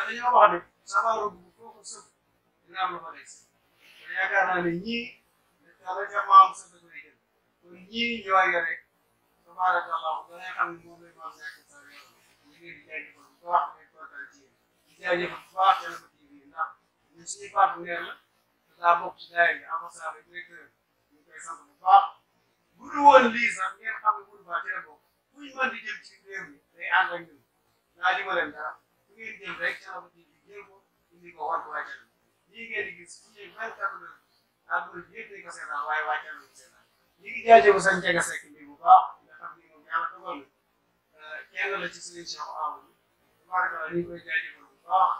dañoo wax ne sabaru bu foo ko sëf dina am lu fa des yaakaar naa ne ñii dañu daal ñii ñoo yore subhaanallah ba nga xam ne moom la ñu war a nekk sa réew ñu ngi jaajëfal bu baax di kontaan ci yéen di jaajëfal bu baax di ko TV ndax ñun suñu partenaire la daa bokk ci daay bi ambassade directeur ñu koy sant bu baax bu dul woon lii sax ngeen xam ne bu dul baax teel bokk fu ñu mën di jëm ci réew mi day ànd ak ñun daa di ma leen dara fu ngeen jëm rek ca ko TV jël ko indi ko wan wàccal lii ngeen di gis fu ñuy vingt quatre heures ak loolu yëpp dañ ko seetaan waaye wàccal ñu ngi jaajëfal sañ Ndiaga Seck bi bu baax nga xam ni moom yàlla dogal euh, kenn la ci sëriñ Cheikh Amadou Tubaarkalla ñu ngi koy jaajëfal bu baax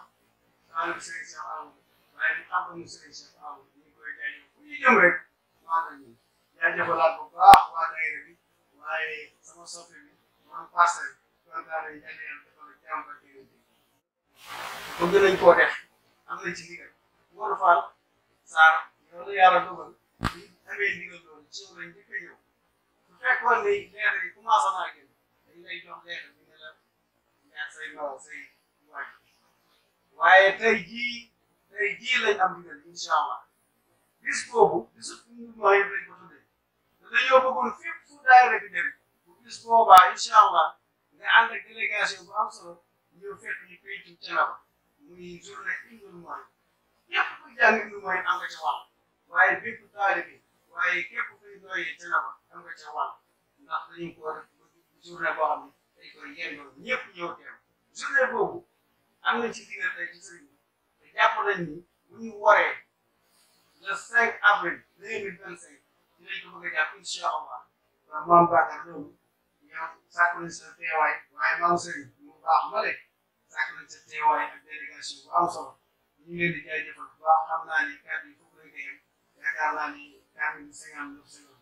maanaam sëriñ Cheikh Amadou waaye mu xàmbamu sëriñ Cheikh Amadou ñu ngi koy jaajëfal fu ñu jëm rek maa ngi ñu jaajëfalaat bu baax waa daayira bi waaye sama soppe bi man passé kontaan nañ yàlla yàlla defal ak jàmm ak yeneen bi bëgg nañ koo def am nañ ci ndigal Ngor Fall Sarr yow la yàlla dogal ñu amee ndigal ci nañ njëkk a ñëw bu fekkoon ne leer yi commencé naa génn dañ lay jox leer bi ne la leer say ndaw say waaj waaye tey jii tey jii lañ am digal incha allah bis boobu bisu mouvement yëpp lañ ko tuddee dañoo bëggoon fépp fu daayira bi dem bu bis boobaa incha allah nga ànd ak délégation bu am solo ñëw fekk ñu pay ci Thiénaba muy journée Ibnoul Mouhin ñëpp ku jàng Ibnoul Mouhin am nga ca wàll waaye bépp taalibe bi waaye képp doyee dana ko dana ko ca wàll ndax dañu ko def journée boo xam ne dañ koy yendoo ñëpp ñëw teew journée boobu am na ci diggante ci sëriñ te jàpp nañ ni bu ñu waree le 5 avril 2025 dinañ ko bëgg a jàpp incha allah ndax maam Bakar loolu ñoom sàkk nañ sa teewaay waaye maam sëriñ mu baax ma de sàkk nañ sa teewaay ak délégation bu am solo ñu ngi leen di jaajëfal bu baax xam naa ni kàddu yi foofu lañ koy yem yaakaar naa ni kàddu yi cinquante neuf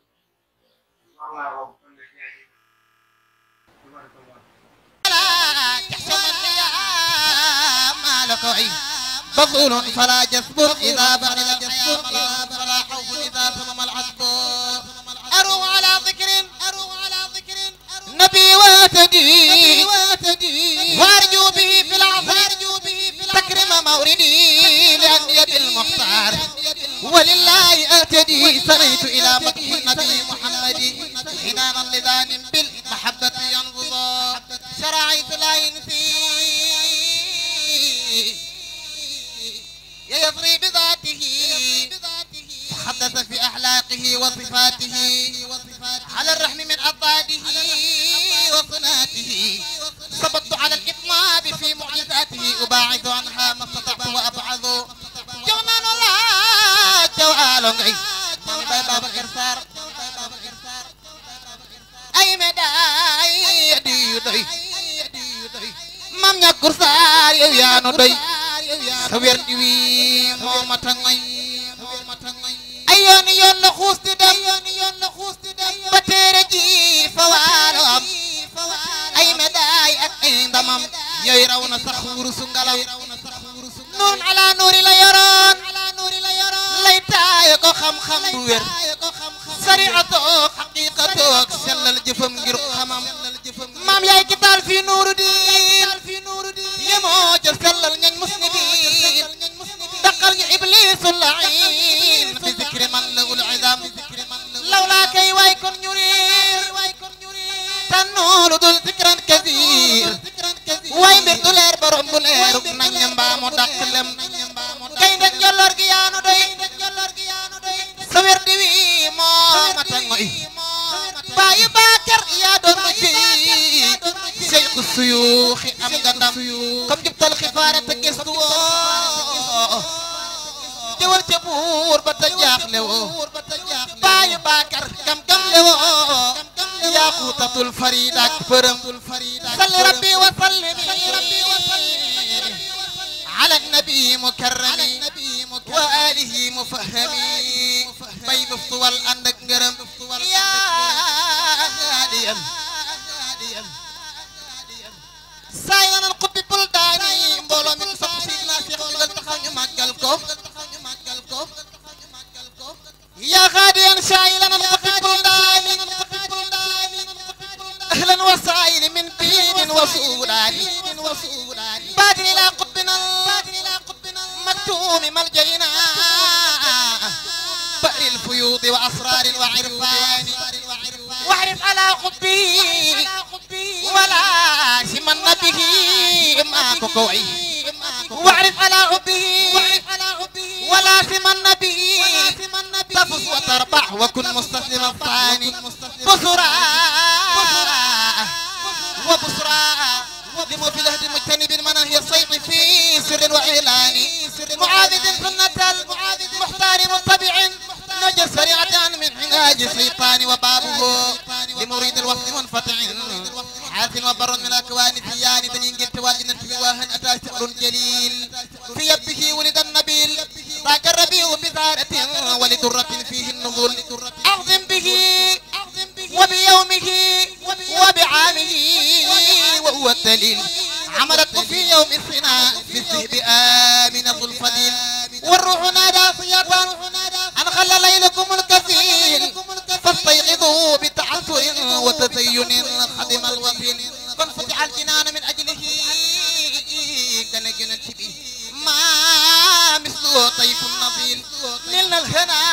بطل فلا جسبر إذا بغل جسبر فلا حوف إذا تمم العسبر أرو على ذكر أرو على ذكر نبي واتدي وارجو به في العصر تكرم موردي لأن يد المختار ولله أتدي سريت إلى مكه النبي محمد حنانا لذان بالمحبة ينبضا شرعيت لا ينفي يفري بذاته تحدث في أحلاقه وصفاته على الرحم من أطاده وصناته صبت على الإطناب في معجزاته أباعد عنها ما استطعت وأبعد جونان لا جوال غي باب الإرسال ay médaay yeddi yu doy mam ñàkkur saar yow yaa nu doy sa werd wi moo mat a ngoy ay yooni yoon la xuus di dem ba téere ji fa waalo am ay médaay ak ay ndamam yooyu raw na sax wurusu ngalaw nun ala nuuri la yoroon lay taaye ko xam-xam bu wér sariatoo xaqiqatoog sellal jëfam ngir xamam maam yaay ki taal fii nuuru diin yemoo ca sellal ngañ muslimin daqal ñu iblisu lain fi zikri man lawul izam lawlaa kay waay kon ñu réer tan nuuru dul zikran kasiir way mbir du leer borom bu leeruk nañ ña mbaamu dàq lem kay ndek jolloor gi yaanu doy sa wér di wii moo mata ngoy bàyyi baakar yaa doon nu ci seyku suyuuxi am nga ndam comme jubtal xifaare te gëstu woo di wër ca buur ba ta jaaxle woo baayu baakar kam kam le woo yaaquutatul farida ak përëm salli rabbi wa salli ala nabi mukarrami wa alihi mufahami bay muftu wal ànd ak ngërëm yaa وسودان بادر إلى قطبنا مكتوم ملجئنا بئر الفيوض وأسرار وعرفان واعرف على قطبي ولا سمن به ما كوكوي واعرف على حبه ولا سمن به تفز وتربح وكن مستسلم الثاني المقدم في الهد مجتنب مناهي الصيد في سر وإعلان معاذ سنة المحتار منطبع نجر سريعة من علاج الشيطان وبابه لمريد الوصف منفتح حاث وبر من أكوان ثيان دنين قلت والجنة بواهن أتى سحر جليل في يبه ولد النبيل ذاك الربيع بزارة ولدرة فيه النزول يوم الصناع في الذئب من الفضيل والروح نادى صياطا أن خلى ليلكم الكثير فاستيقظوا بتعسر وتزين خدم الوفيل كن فتح الجنان من أجله كان جنت به ما مثله طيف النظير نلنا الهنا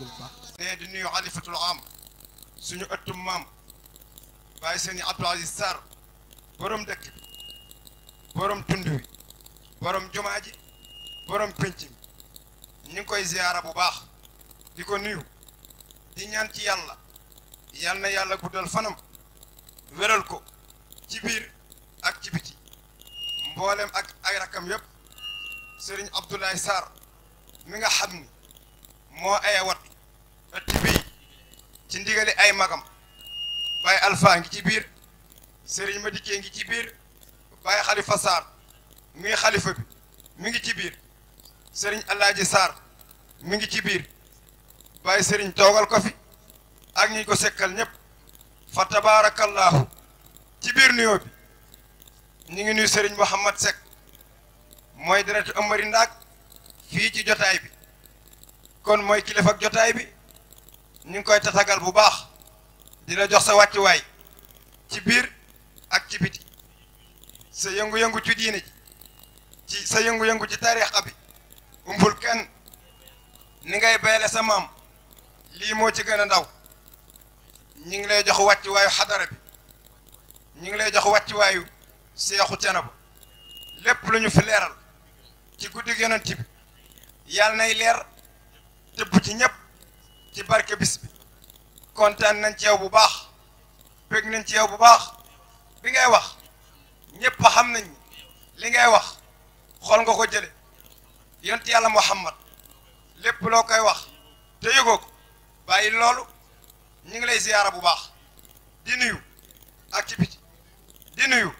bu baax. nee di nuyu xalifatul am suñu ëttum maam bàyyi seen i Abdou Aziz Sarr borom dëkk bi borom tund wi borom jumaa ji borom penc ñu ngi koy ziyaara bu baax di ko nuyu di ñaan ci yàlla yal na yàlla guddal fanam wéral ko ci biir ak ci biti mboolem ak ay rakam yëpp Serigne Abdoulaye sar mi nga xam ni moo aye wat ëtt bii ci ndigali ay magam Baye Alpha ngi ci biir Serigne Madické ngi ci biir Baye Khalifa Sarr mi xalifa bi mi ngi ci biir sëriñ Alaaji Sarr mi ngi ci biir Baye sëriñ toogal ko fi ak ñi ko sekkal ñëpp fa tabaarakallaahu ci biir nuyoo bi ñu ngi nuyu sëriñ Mouhamad Seck mooy deretu Amari Ndaak fii ci jotaay bi kon mooy kilifa ak jotaay bi ñu ngi koy tatagal bu baax di la jox sa wàccuwaay ci biir ak ci biti sa yëngu-yëngu ci diine ji ci sa yëngu-yëngu ci tariixa bi umbul kenn ni ngay bayle sa maam lii moo ci gën a ndaw ñu ngi lay jox wàccuwaayu xadara bi ñu ngi lay jox wàccuwaayu seexu Thiénaba lépp lu ñu fi leeral ci guddi yonent bi yàlla nay leer dëbb ci ñëpp ci barke bi kontaan nañ ci bu baax bëgg nañ ci yow bu baax bi ngay wax ñëpp xam nañ li ngay wax xool nga ko jële yont yàlla Muhammad lépp loo koy wax te yëgoo ko bàyyi loolu ñu ngi lay ziyaara bu baax di nuyu ak ci biti di nuyu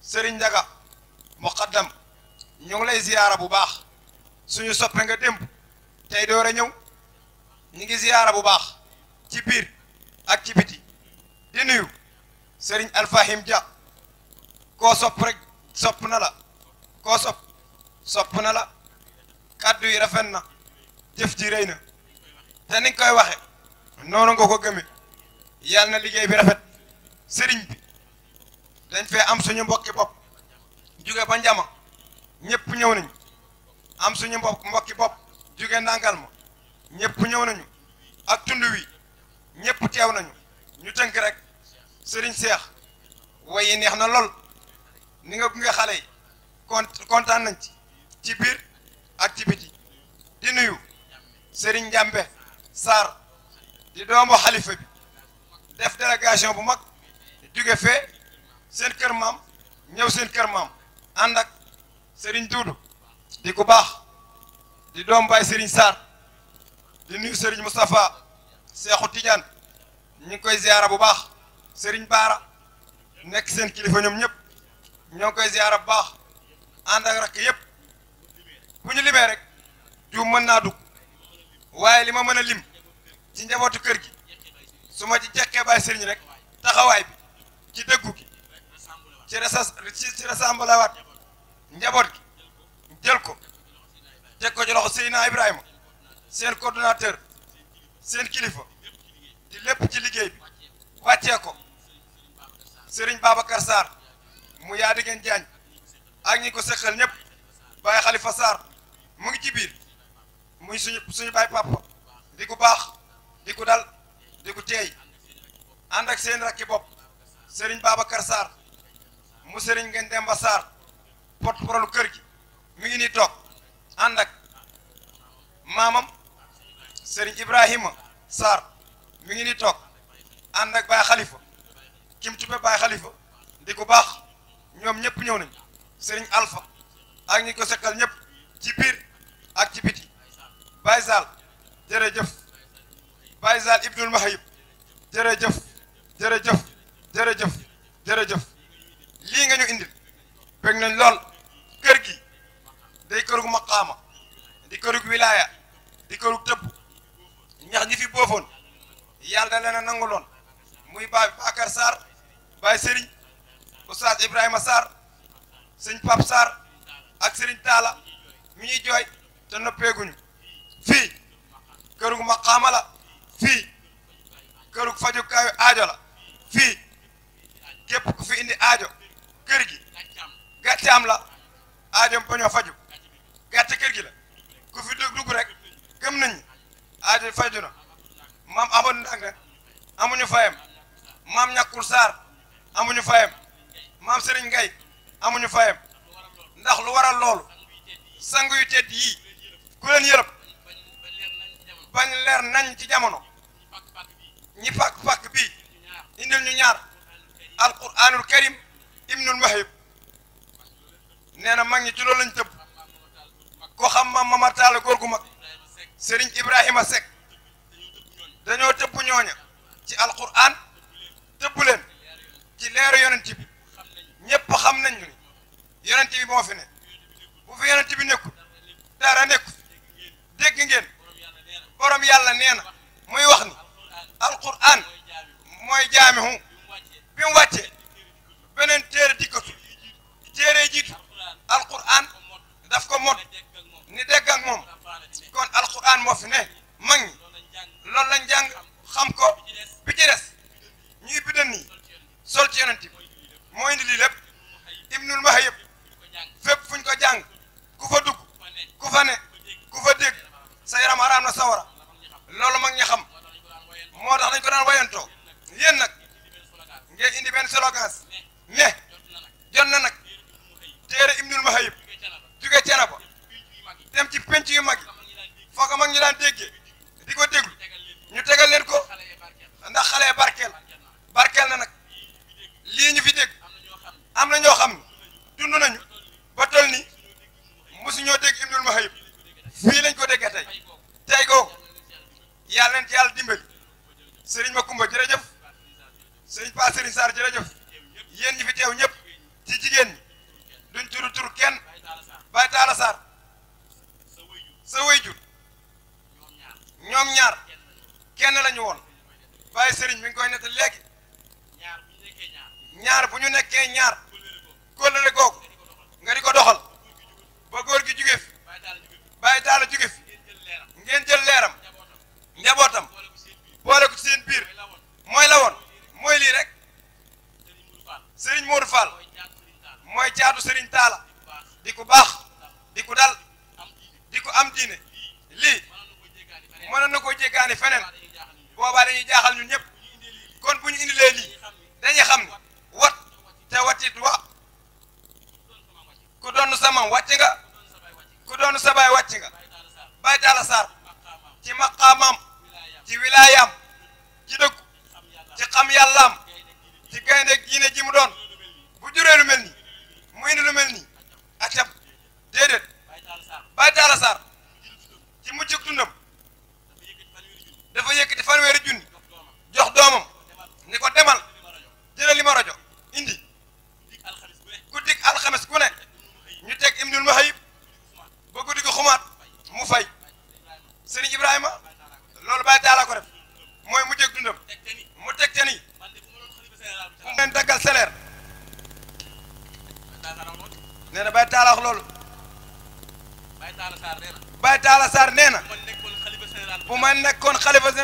Serigne Ndiaga muqaddam ñu ngi lay ziyaara bu baax suñu soppe nga démb tey doore ñëw ñu ngi ziyaara bu baax ci biir ak ci biti di nuyu Serigne Alfahim Dia koo sopp rek sopp na la koo sopp sopp na la kàddu yi rafet na jëf ji rëy na te ni nga waxe noonu nga ko gëme yàlla na liggéey bi rafet sëriñ bi dañ fee am suñu mbokki bopp jóge ba njama ñëpp ñëw nañ am suñu mbokk mbokki bopp jóge nangal ma ñëpp ñëw nañu ak tund wi ñëpp teew nañu ñu tënk rek sëriñ seex wayi neex na lool ni nga gunge xale yi kontaan nañ ci ci biir ak ci biti di nuyu sëriñ njàmbe Sarr di doomu xalifa bi def délégation bu mag jóge fee seen kër maam ñëw seen kër maam ànd ak sëriñ Duudu di ku baax di doom baay Serigne Sarr di nuyu Serigne Moustapha Seexu Tidiane ñu ngi koy ziara bu baax sëriñ Baara nekk seen kilifa ñoom ñëpp ñoo ngi koy ziara bu baax ànd yépp rakk yëpp ñu limee rek ju mën naa dugg waaye li ma mën a lim ci njabootu kër gi su ma ci jekkee baay Serigne rek taxawaay bi ci dëggu gi ci resa ci resemblawaat njaboot gi jël ko teg ko ci loxo Seydina Ibrahima seen coordonnateur seen kilifa di lépp ci liggéey bi wàccee ko Serigne Babacar mu yaa di ngeen jaañ ak ñi ko seqal ñëpp Baye xalifa Sarr mu ngi ci biir muy suñu suñu baay papa di ku baax di ku dal di ku teey ànd ak seen rakki bopp Serigne Babacar Sarr mu Serigne Ngeen Demba Sarr porte kër gi mi ngi nii ànd ak maamam Serigne Ibrahima Sarr mi ngi ni toog ànd ak Baye Khalifa kim tuppe Baye Khalifa di ku baax ñoom ñëpp ñëw nañ Serigne Alpha ak ñi ko sekkal ñépp ci biir ak ci biti Baye Sall jërëjëf Baye Sall Ibnul Mahayib jërëjëf jërëjëf jërëjëf jërëjëf lii nga ñu indi bég nañ lool kër gi day kërug maqaama di kërug wilaaya di kërug tëbb ñax ñi fi boofoon yàlla da na a nanguloon muy baay Bakar Sarr baay Serigne Oustaz Ibrahima Sarr sëñ Pape Sarr ak Serigne Talla mi ñuy jooy te noppeeguñu fii kërug maqaama la fii kërug fajukaayu aajo la fii képp ku fi indi aajo kër gi gàccaam la aajoom bañoo faju gàtt kër gi la ku fi dugg rek gëm nañ aadi faju na maam Amadou Ndanga amuñu fayam maam ñàkkul Sarr amuñu fayam maam Serigne Ngay amuñu fayem ndax lu waral lool sang yu tedd yii ku leen yërëb bañ leer nañ ci jamono ñi pàkk pàkk bii indil ñu ñaar alquranul karim ibnul mahib nee na mag ñi ci loolu lañ tëb ko xam ma ma Talla góor gu mag Serigne Ibrahima Seck dañoo tëbb ñooña ci alquran tëbb leen ci leeru yonent bi ñëpp xam nañ ni yonent bi moo fi ne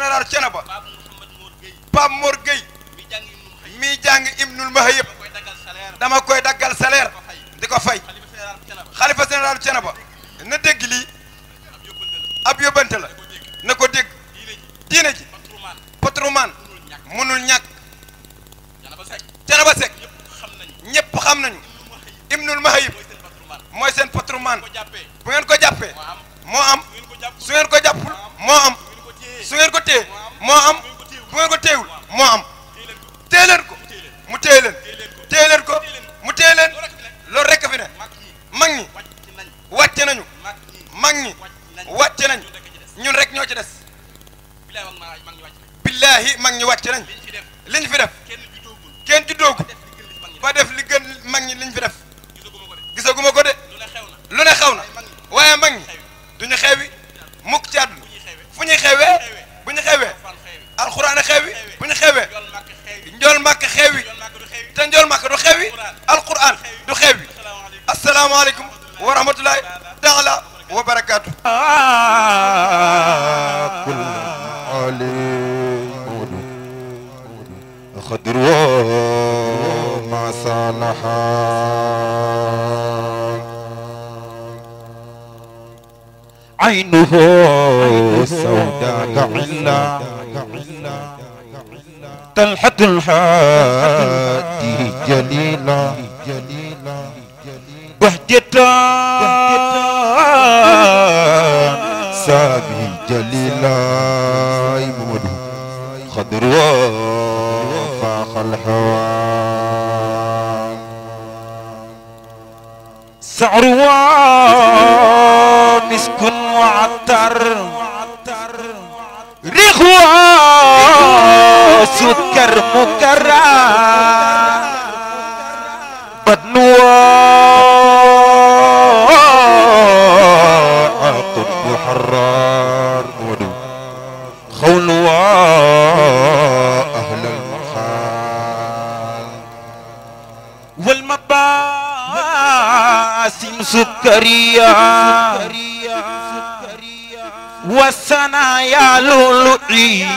général Thiénaba Pape Mor Gueye mi jàng Ibnul Mahayib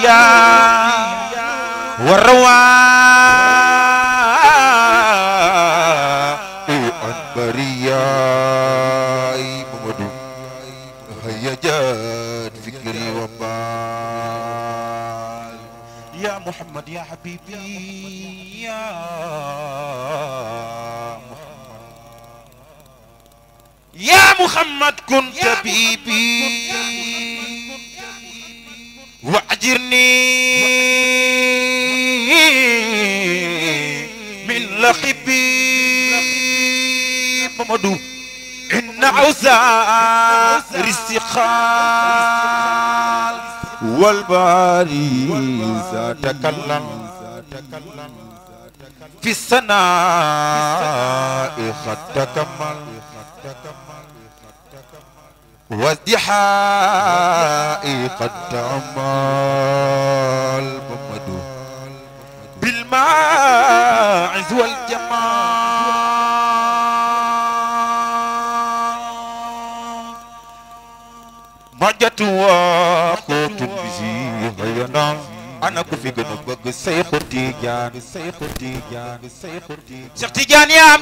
الأنبياء والرواء أنبرياء محمد هيا جاد فكري وبال يا محمد يا حبيبي يا محمد يا محمد كنت بيبي أجرني من لخبي ممدو إن عزار السقال والباري تكلم في السناء قد تكمل وازدحائي قد تعمى الممد بالماعز والجمال مجت وقوت بزيها ينام ana ku fi gënu bëgg Seexu Tijaan Seexu Tijaan Seexu yaa am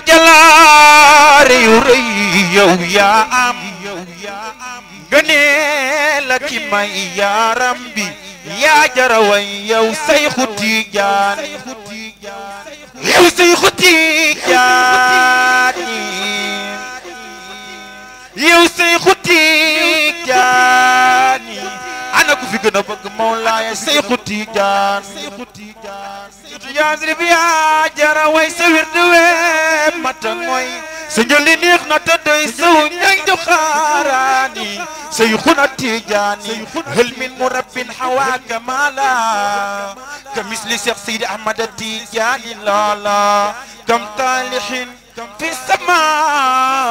yow yaa am gëneel la ki may yaaram bi yaa jaraway yow Seexu Tijaan yow fi gën a bëgg Mawlaaya Seexu Tijaan Seexu Tijaan Seexu Tijaan si bi yaa jara way sa wird wee mata mooy sa njëli neex na te doy saw ñay du xaaraani Seexuna Tijaani hal min murabbin hawa kamala ka misli Seex Seydi Ahmad Tijaani lala kam taalihin fi samaa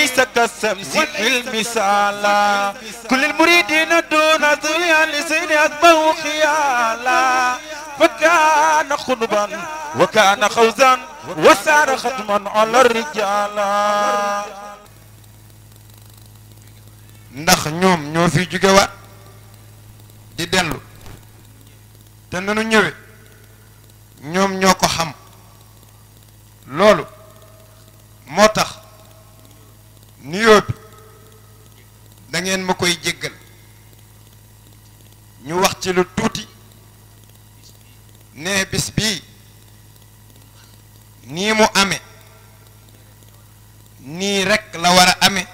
ليس كالسمس المثالا كل المريدين دون ذويا لزين أكبر خيالا فكان خنبا وكان خوزا وسار ختما على الرجال ndax ñoom ñoo fi jóge waat di dellu te nanu ñëwe ñoom ñoo ko xam loolu moo tax nuyoo bi da ma koy jéggal ñu wax ci lu tuuti ne bis bii nii mu ame nii rekk la war a ame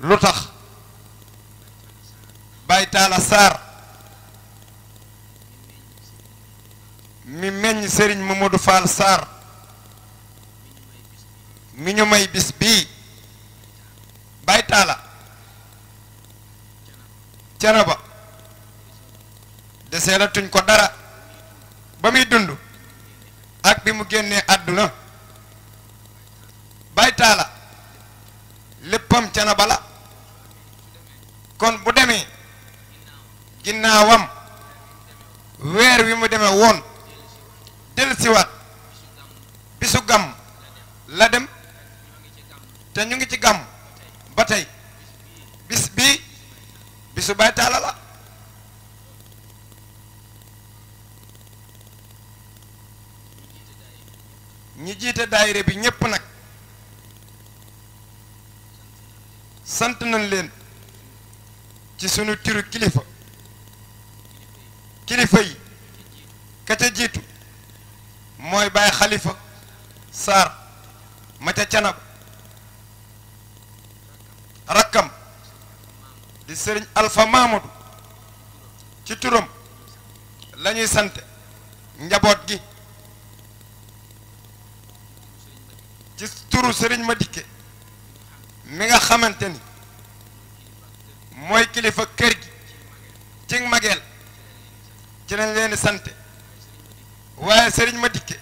lu tax Baye Talla Sarr mi meññ Serigne Mamadou Fall Sarr mi ñu may bis bii bay taala ba desee na tuñ ko dara ba muy dund ak bi mu génnee àdduna bay taala léppam canaba la kon bu demee ginnaawam weer wi mu demee woon del siwaat bisu gàmm la dem te ñu ngi ci gàmm ba tey bis bi bisu Baay Taala ñi jiite daayira bi ñépp nag sant nañ leen ci sunu turu kilifa kilifa yi ka ca jiitu mooy Baay Xalifa Saar ma ca canab rakkam di sëriñ Alpha Mamadou ci turam lañuy ñuy sant njaboot gi ci turu sëriñ Madické mi nga xamante ni mooy kilifa kër gi ci mageel ci leen di sant waaye sëriñ Madické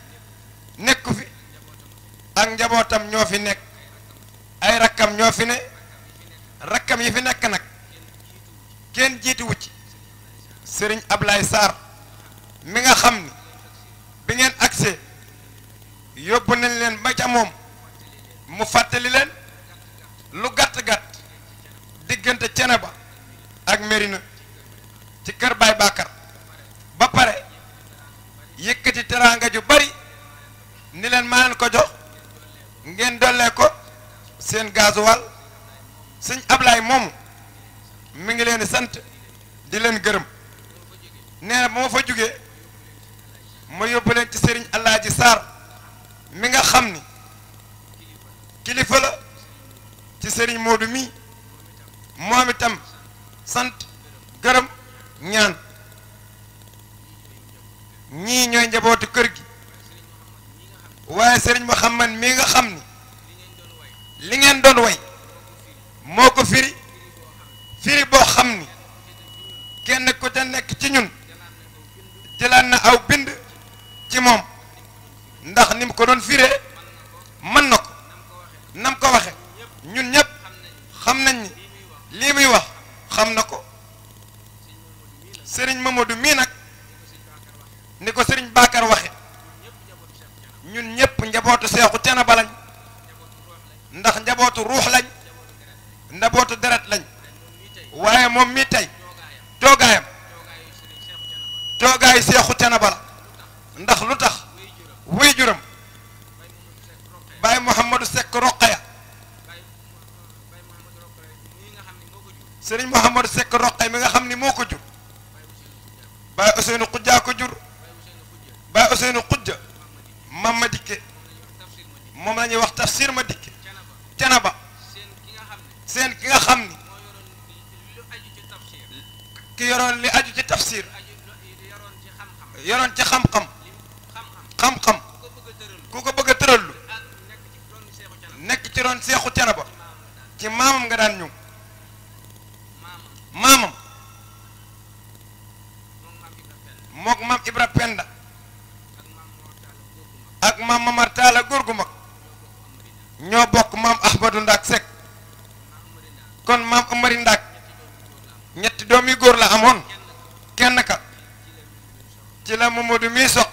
nekku fi ak njabootam ñoo fi nekk ay rakkam ñoo fi ne rakkam yi fi nekk nag kenn jiitu ci sëriñ Ablaye Sarr mi nga xam ni bi ngeen agsee yóbbu nañ leen ma ca moom mu fàttali leen lu gàtt-gàtt diggante Thiénaba ak Mérina ci kër Baye Bakar ba pare yëkkati teraanga ju bari ni leen maa leen ko jox ngeen dollee ko seen gasoil sëñ Ablaay moom mi ngi leen sant di leen gërëm nee na ba ma fa jógee ma yóbbu ci sëriñ Alaaji Sarr mi nga xam ni kilifa la ci sëriñ Moodu mi moom itam sant gërëm ñaan ñi ñooy njabootu kër gi waaye sëriñ Muhammad mi nga xam ni li ngeen doon way moo ko firi firi boo xam ni kenn ku ca nekk ci ñun jëlaat na aw bind ci moom ndax ni mu ko doon firee mën na ko nam ko waxe ñun ñëpp xam nañ ni lii muy wax xam na ko sëriñ Mamadou mii nag ni ko sëriñ Bakar waxe ñun ñëpp njabootu seexu Thiénaba lañ ndax njabootu ruux lañ ndabootu deret lañ waaye moom mii tey toogaayam toogaayu seexu canaba ndax lu tax wuy juram Baye Mouhamadou Seck Roqaya Serigne Mouhamadou Seck Roqaya mi nga xam ni moo ko jur Baye Ousseynou Khoudia ko jur Baye Ousseynou Khoudia Mama Dikke moom la wax tafsir ma Dikke canaba seen ki nga xam ni ki yoroon li aju ci tafsir yoroon ci xam-xam xam-xam ku ko bëgg a tëral lu nekk ci doon seexu Thiénaba ci maamam nga daan ñëw maamam mook maam Ibra Penda ak maam Mamar Talla góor gu mag ñoo bokk maam Ahmadou Ndak Seck maam Amari Ndak ñetti doom yu góor la amoon kenn ka ci la Mamadou mii soq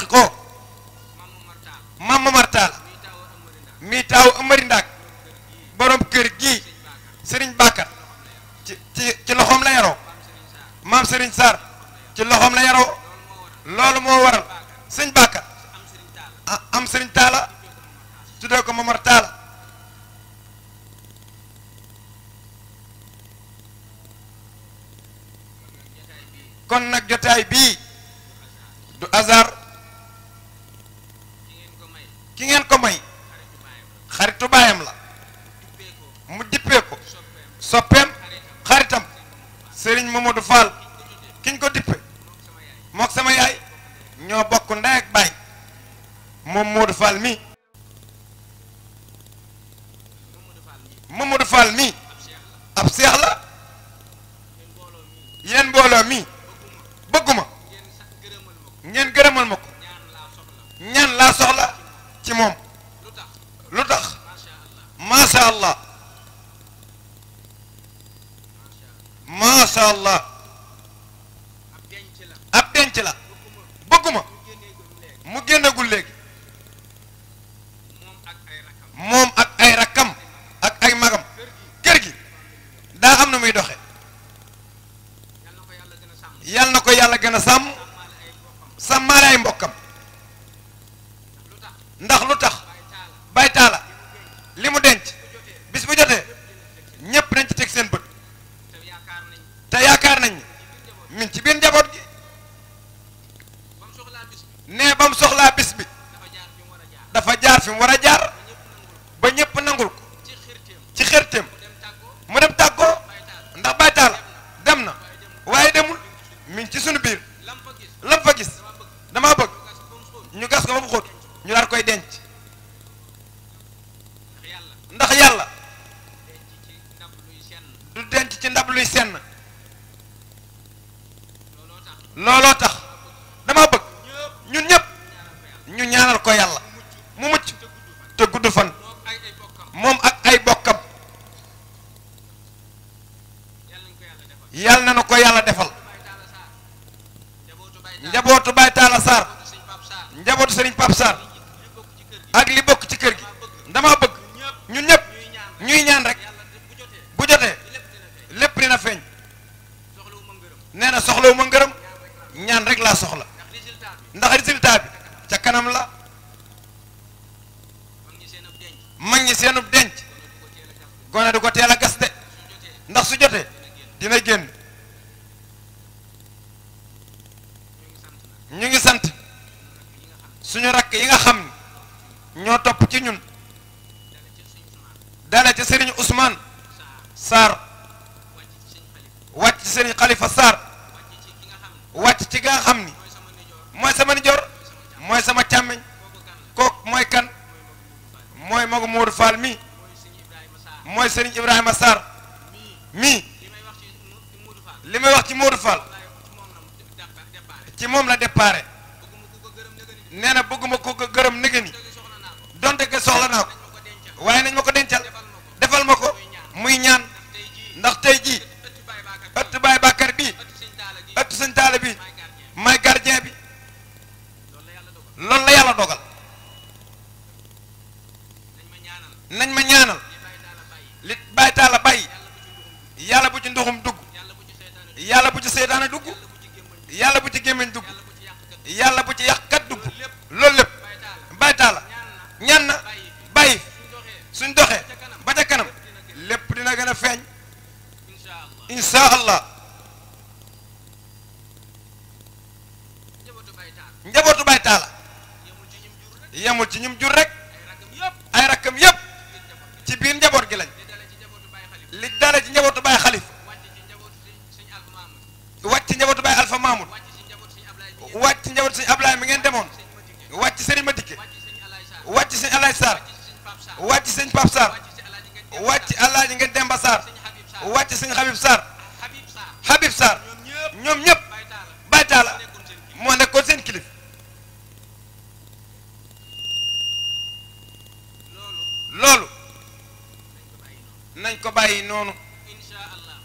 nañ ko bàyyi noonu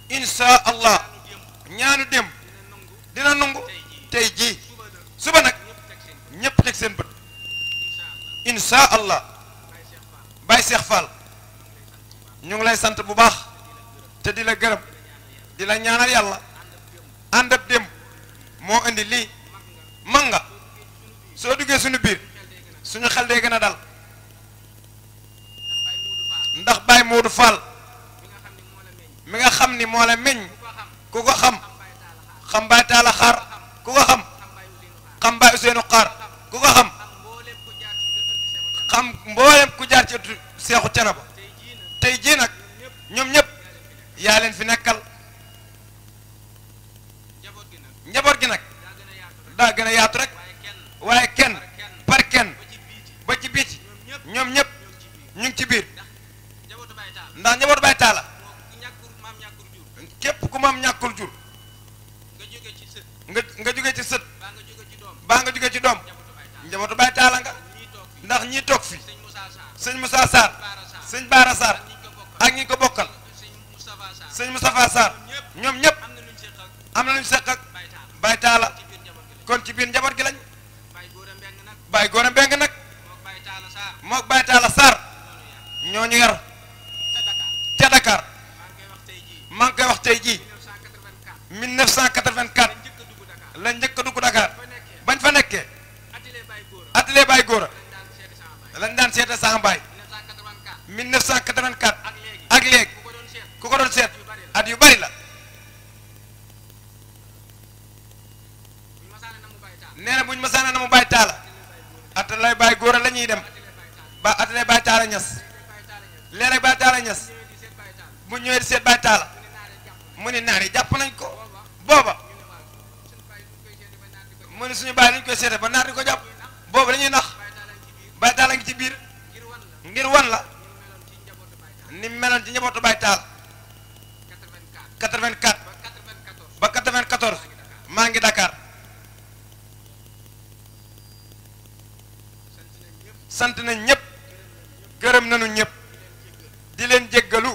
insha allah ñaanu dem dina nungu tey jii suba nag ñépp teg seen bët insha allah Baye Cheikh Fall ñu ngi lay sant bu baax te di la gërëm di ñaanal yàlla ànd ab dem moo indi lii man soo duggee suñu biir suñu xal dee gën a dal ndax Baye Modou Fall mi nga xam ni moo la meññ ku ko xam xam baay taala xaar ku ko xam xam ku ko xam xam mboolem ku jaar ci seexu canaba tey jii nag ñoom ñëpp yaa fi nekkal njaboot gi nag daa gën a yaatu rek waaye kenn par kenn ba ci biiti ñoom ñëpp ñu ngi ci biir ndax njabootu baay taala maam ñàkkul jur nga jóge ci sët nga jóge ci sët baa nga jóge ci doom njabootu Baay Taala nga ndax ñii toog fi sëñ Moussa Sarr sëñ Baara Sarr ak ñi ko bokkal sëñ Moustapha Sarr ñoom ñëpp am na lu ñu seq ak Baay Taala kon ci biir njaboot gi lañ Baay Góora Mbeng nag mook Baay Taala Sarr ñoo ñu yar ca Dakar maa ngi koy wax tey jii 1984 la njëkk a dugg Dakar bañ fa nekkee atelier Baye Gora lañ daan seete sa baay 1984 ak léegi ku ko doon seet at yu bari la nee bu ñu masaana na mu Baye Taala atelier Baye Gora la dem ba atelier Baye Taala Ñas léeg-léeg Taala Ñas bu ñëwee di seet Baye Taala mu ni naar yi jàpp nañ ko booba mu ne suñu bàyyi dañ koy seete ba naat di ko jàpp booba lañuy nax Baye Tall a ngi ci biir ngir wan la ni meloon ci njabootu Baye Tall 84 ba 94 maa ngi Dakar sant nañ ñëpp gërëm nañu ñëpp di leen jéggalu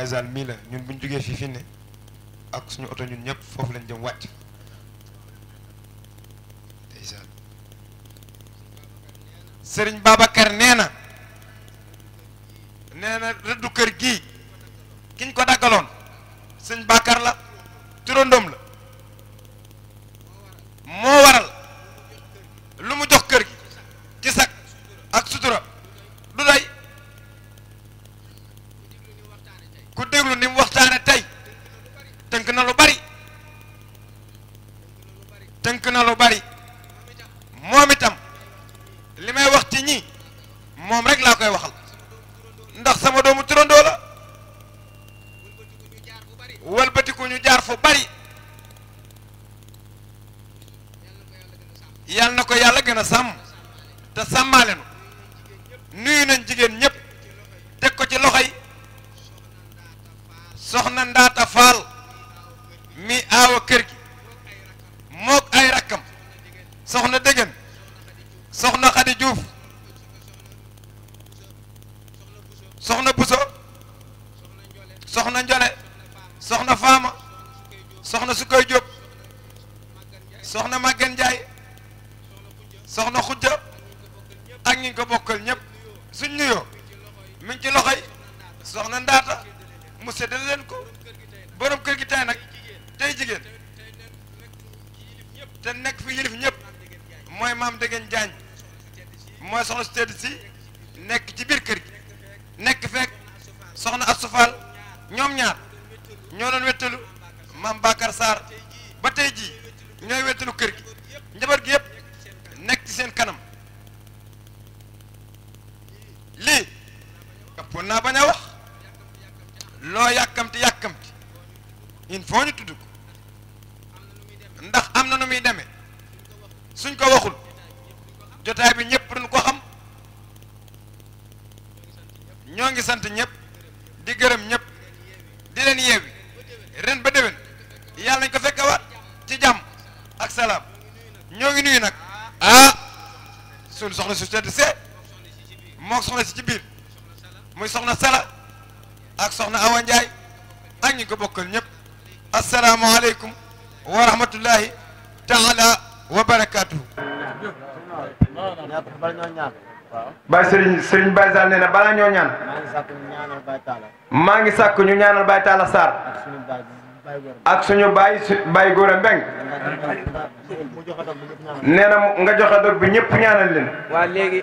Baye Sall mii la ñun bu ñu jugee fii fii ne ak suñu oto ñun ñëpp foofu lañ jëm wàcc na lu bari moom itam li may wax ci ñi moom rek laa koy waxal ndax sama doomu turandoo la walbatiku ñu jaar fu bari Serigne Baye Sall nee na balaa ñoo ñaan. maa ngi sàkku ñu ñaanal Baye Talla Sarr. ak suñu Baye su Baye Gora Mbeng. nee na nga joxe dog bi ñëpp ñaanal leen. waa léegi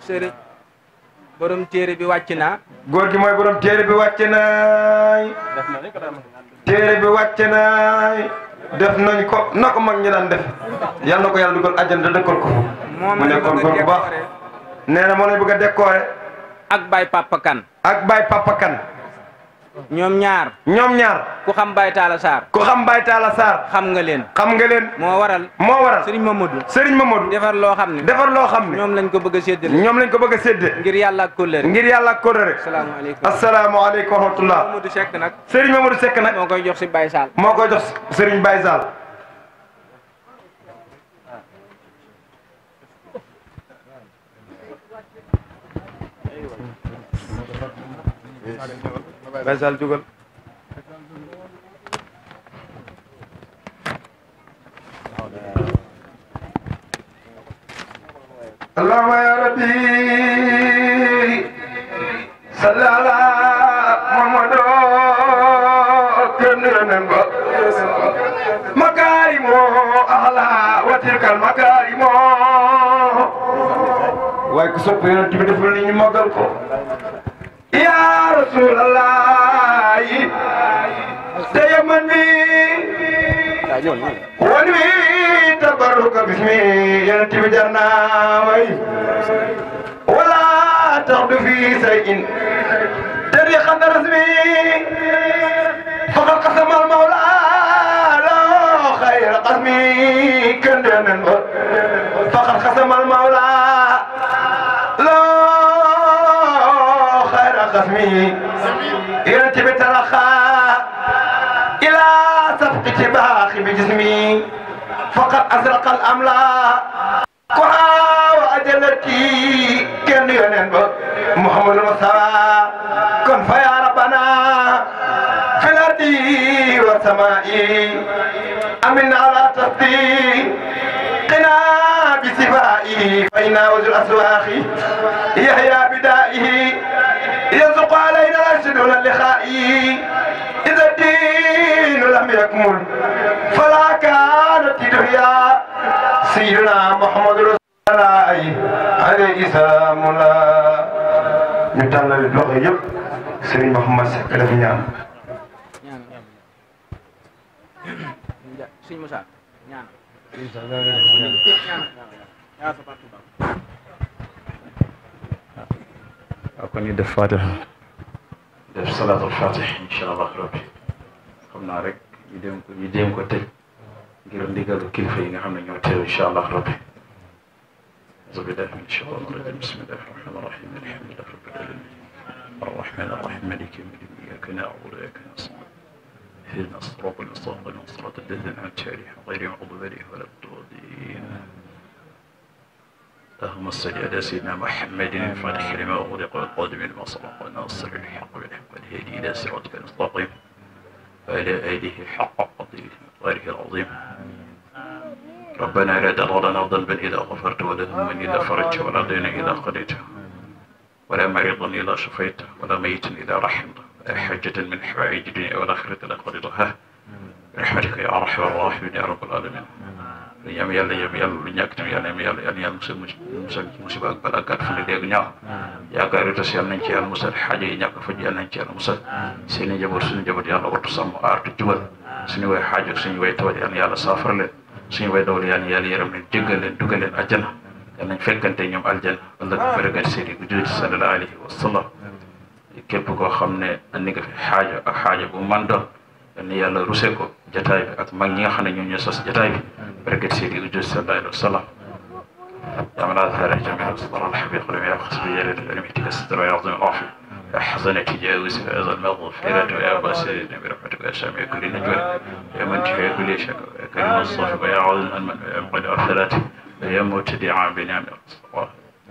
Serigne borom téere bi wàcc naa. góor gi mooy borom téere bi wàcc naay. téere bi wàcc naay. def nañ ko na ko mag ñi daan def yal na ko yàlla dugal àjjana dëkkal ko. nee na moo lay bëgg a décorer. ak baay Papa Kane. ak Baye Papa Kane. ñoom ñaar. ñoom ñaar. ku xam Baye Talla Sarr. ku xam Baye Talla Sarr. xam nga leen. xam nga leen. moo waral. moo waral Serigne Mamadou. Serigne Mamadou. defar loo xam ne. defar loo xam ne. ñoom lañ ko bëgg a ñoom lañ ko bëgg a séddale. ngir yàlla ak kóllëre. ngir yàlla ak kóllëre. asalaamaaleykum asalaamaaleykum wa rahmatulah. Mamadou Seck nag. Serigne Mamadou Seck nag. moo koy jox si Baye Sall. moo koy jox Serigne baay saal Baye Sall jugal اللهم يا ربي صلى على محمد كنن مكارم اهلا وتلك المكارم واي كسب يونتي ديفل ني ماغال كو yaa rasuulallaah tayamani wan wi tabaruka bismi yonent bi jar naa way wala tax du fi say in tari xanda rasmi faqad qasama al mawla loo xayra qasmi kenn denen faqad qasama al mawla اسمه يرتب ترخاء إلى سفق تباخ بجسمي فقد أزرق الأملاء كها وأجلتي كن ينبغ محمد المصطفى كن فيا ربنا في الأرض والسماء أمنا على تصديق قنا بسفائه فإنا وجه الأسواخ يحيى بدائه يزق علينا سدون اللقاء إذا الدين لم يكمل فلا كانت دنيا سيدنا محمد رسول الله عليه السلام الله يتعلم اللغة يب سيدنا محمد سكرة نعم Senhor Mozart, nhana. Nhana. Nhana. Nhana. Nhana. Nhana. Nhana. Nhana. Nhana. kon ñu def fatiha def salaatul fatih incha allah rabbi xam naa rek ñu dem ko ñu dem ko tëj ngir ndigalu kilifa yi nga xam ne ñoo teew incha allah rabbi aousubillahi min shaytaani rajim bismillahi rahmaani rahim alhamdulillahi rabbil alamin arrahmani arrahim maliki yawmi din iyyaka na'budu wa iyyaka nasta'in اهدنا الصراط المستقيم صراط الذين أنعمت عليهم غير المغضوب عليهم ولا الضالين اللهم صل على سيدنا محمد الفاتح لما أغلق والقادم لما سبق وناصر الحق بالحق والهادي إلى صراطك المستقيم وعلى آله حق قدره ومقداره العظيم ربنا لا تدع لنا ذنبا إذا غفرته ولا هما إذا فرجته ولا دينا إذا قضيته ولا مريضا إذا شفيته ولا ميتا إذا رحمته ولا حاجة من حوائج الدنيا والآخرة إذا قضيتها برحمتك يا أرحم الراحمين يا رب العالمين lu ñu am yàlla yem yàlla lu ñàkk tam yàlla yem yàlla yàlla yàlla musal musal musiba ak balaa gàtt fan dégg ñaaw yaakaar yi tas yàlla nañ ci yàlla musal xaaja yi ñàkk faj yàlla nañ ci yàlla musal seen i njaboot suñu njaboot yàlla wattu sàmm aartu jubal suñu way xaajo suñu way tawat yàlla yàlla saafara leen suñu way dawal yàlla yàlla yërëm leen jéggal leen dugal leen àjjana yàlla nañ fekkante ñoom aljana allah ko bërëgat seedi bu judi sallallahu alayhi wa sallam képp koo xam ne andi nga fi xaajo ak xaajo bu man doon yal na yàlla ruse ko jataay bi ak mag ñi nga xam ne ñoom ñoo sos jataay bi barkat Seydi Ujjul sallallahu alayhi wa sallam يعمل هذا الفرح جميع الصبر الحبيب قلم يقص بجلد العلمية الستر ويعظم العافية أحزن تجاوز هذا المغفرة يا باسل برحمتك يا سامي كل نجوى يا من تحيي كل شك كل مصطفى ويا عظم المن ويا مقل أرثلات ويا مبتدعا بنعم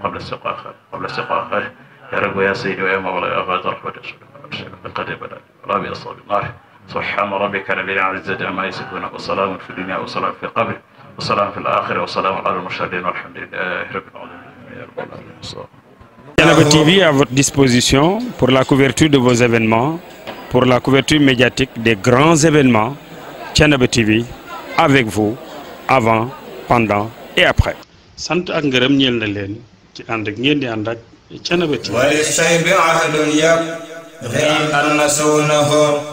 قبل السقاخة قبل السقاخة يا رب يا سيد ويا مولى يا غاز رحمة الصلاة والسلام قد بدأ ربي أصحاب النار subhaana rabbika rabbil izzati ammaa yasifuun wa salaamun fi dunya wa salaamun fil qabri wa salaamun fil aaxira wa salaamun alal mursaliin walhamdulillaahi rabbil aalamiin. Thiénaba TV à votre disposition pour la couverture de vos événements pour la couverture médiatique des grands événements Thiénaba TV avec vous avant pendant et après. sant ak ngërëm ñeel na leen ci ànd ak ngeen di ànd ak Thiénaba TV. wali say bi ahadun yab.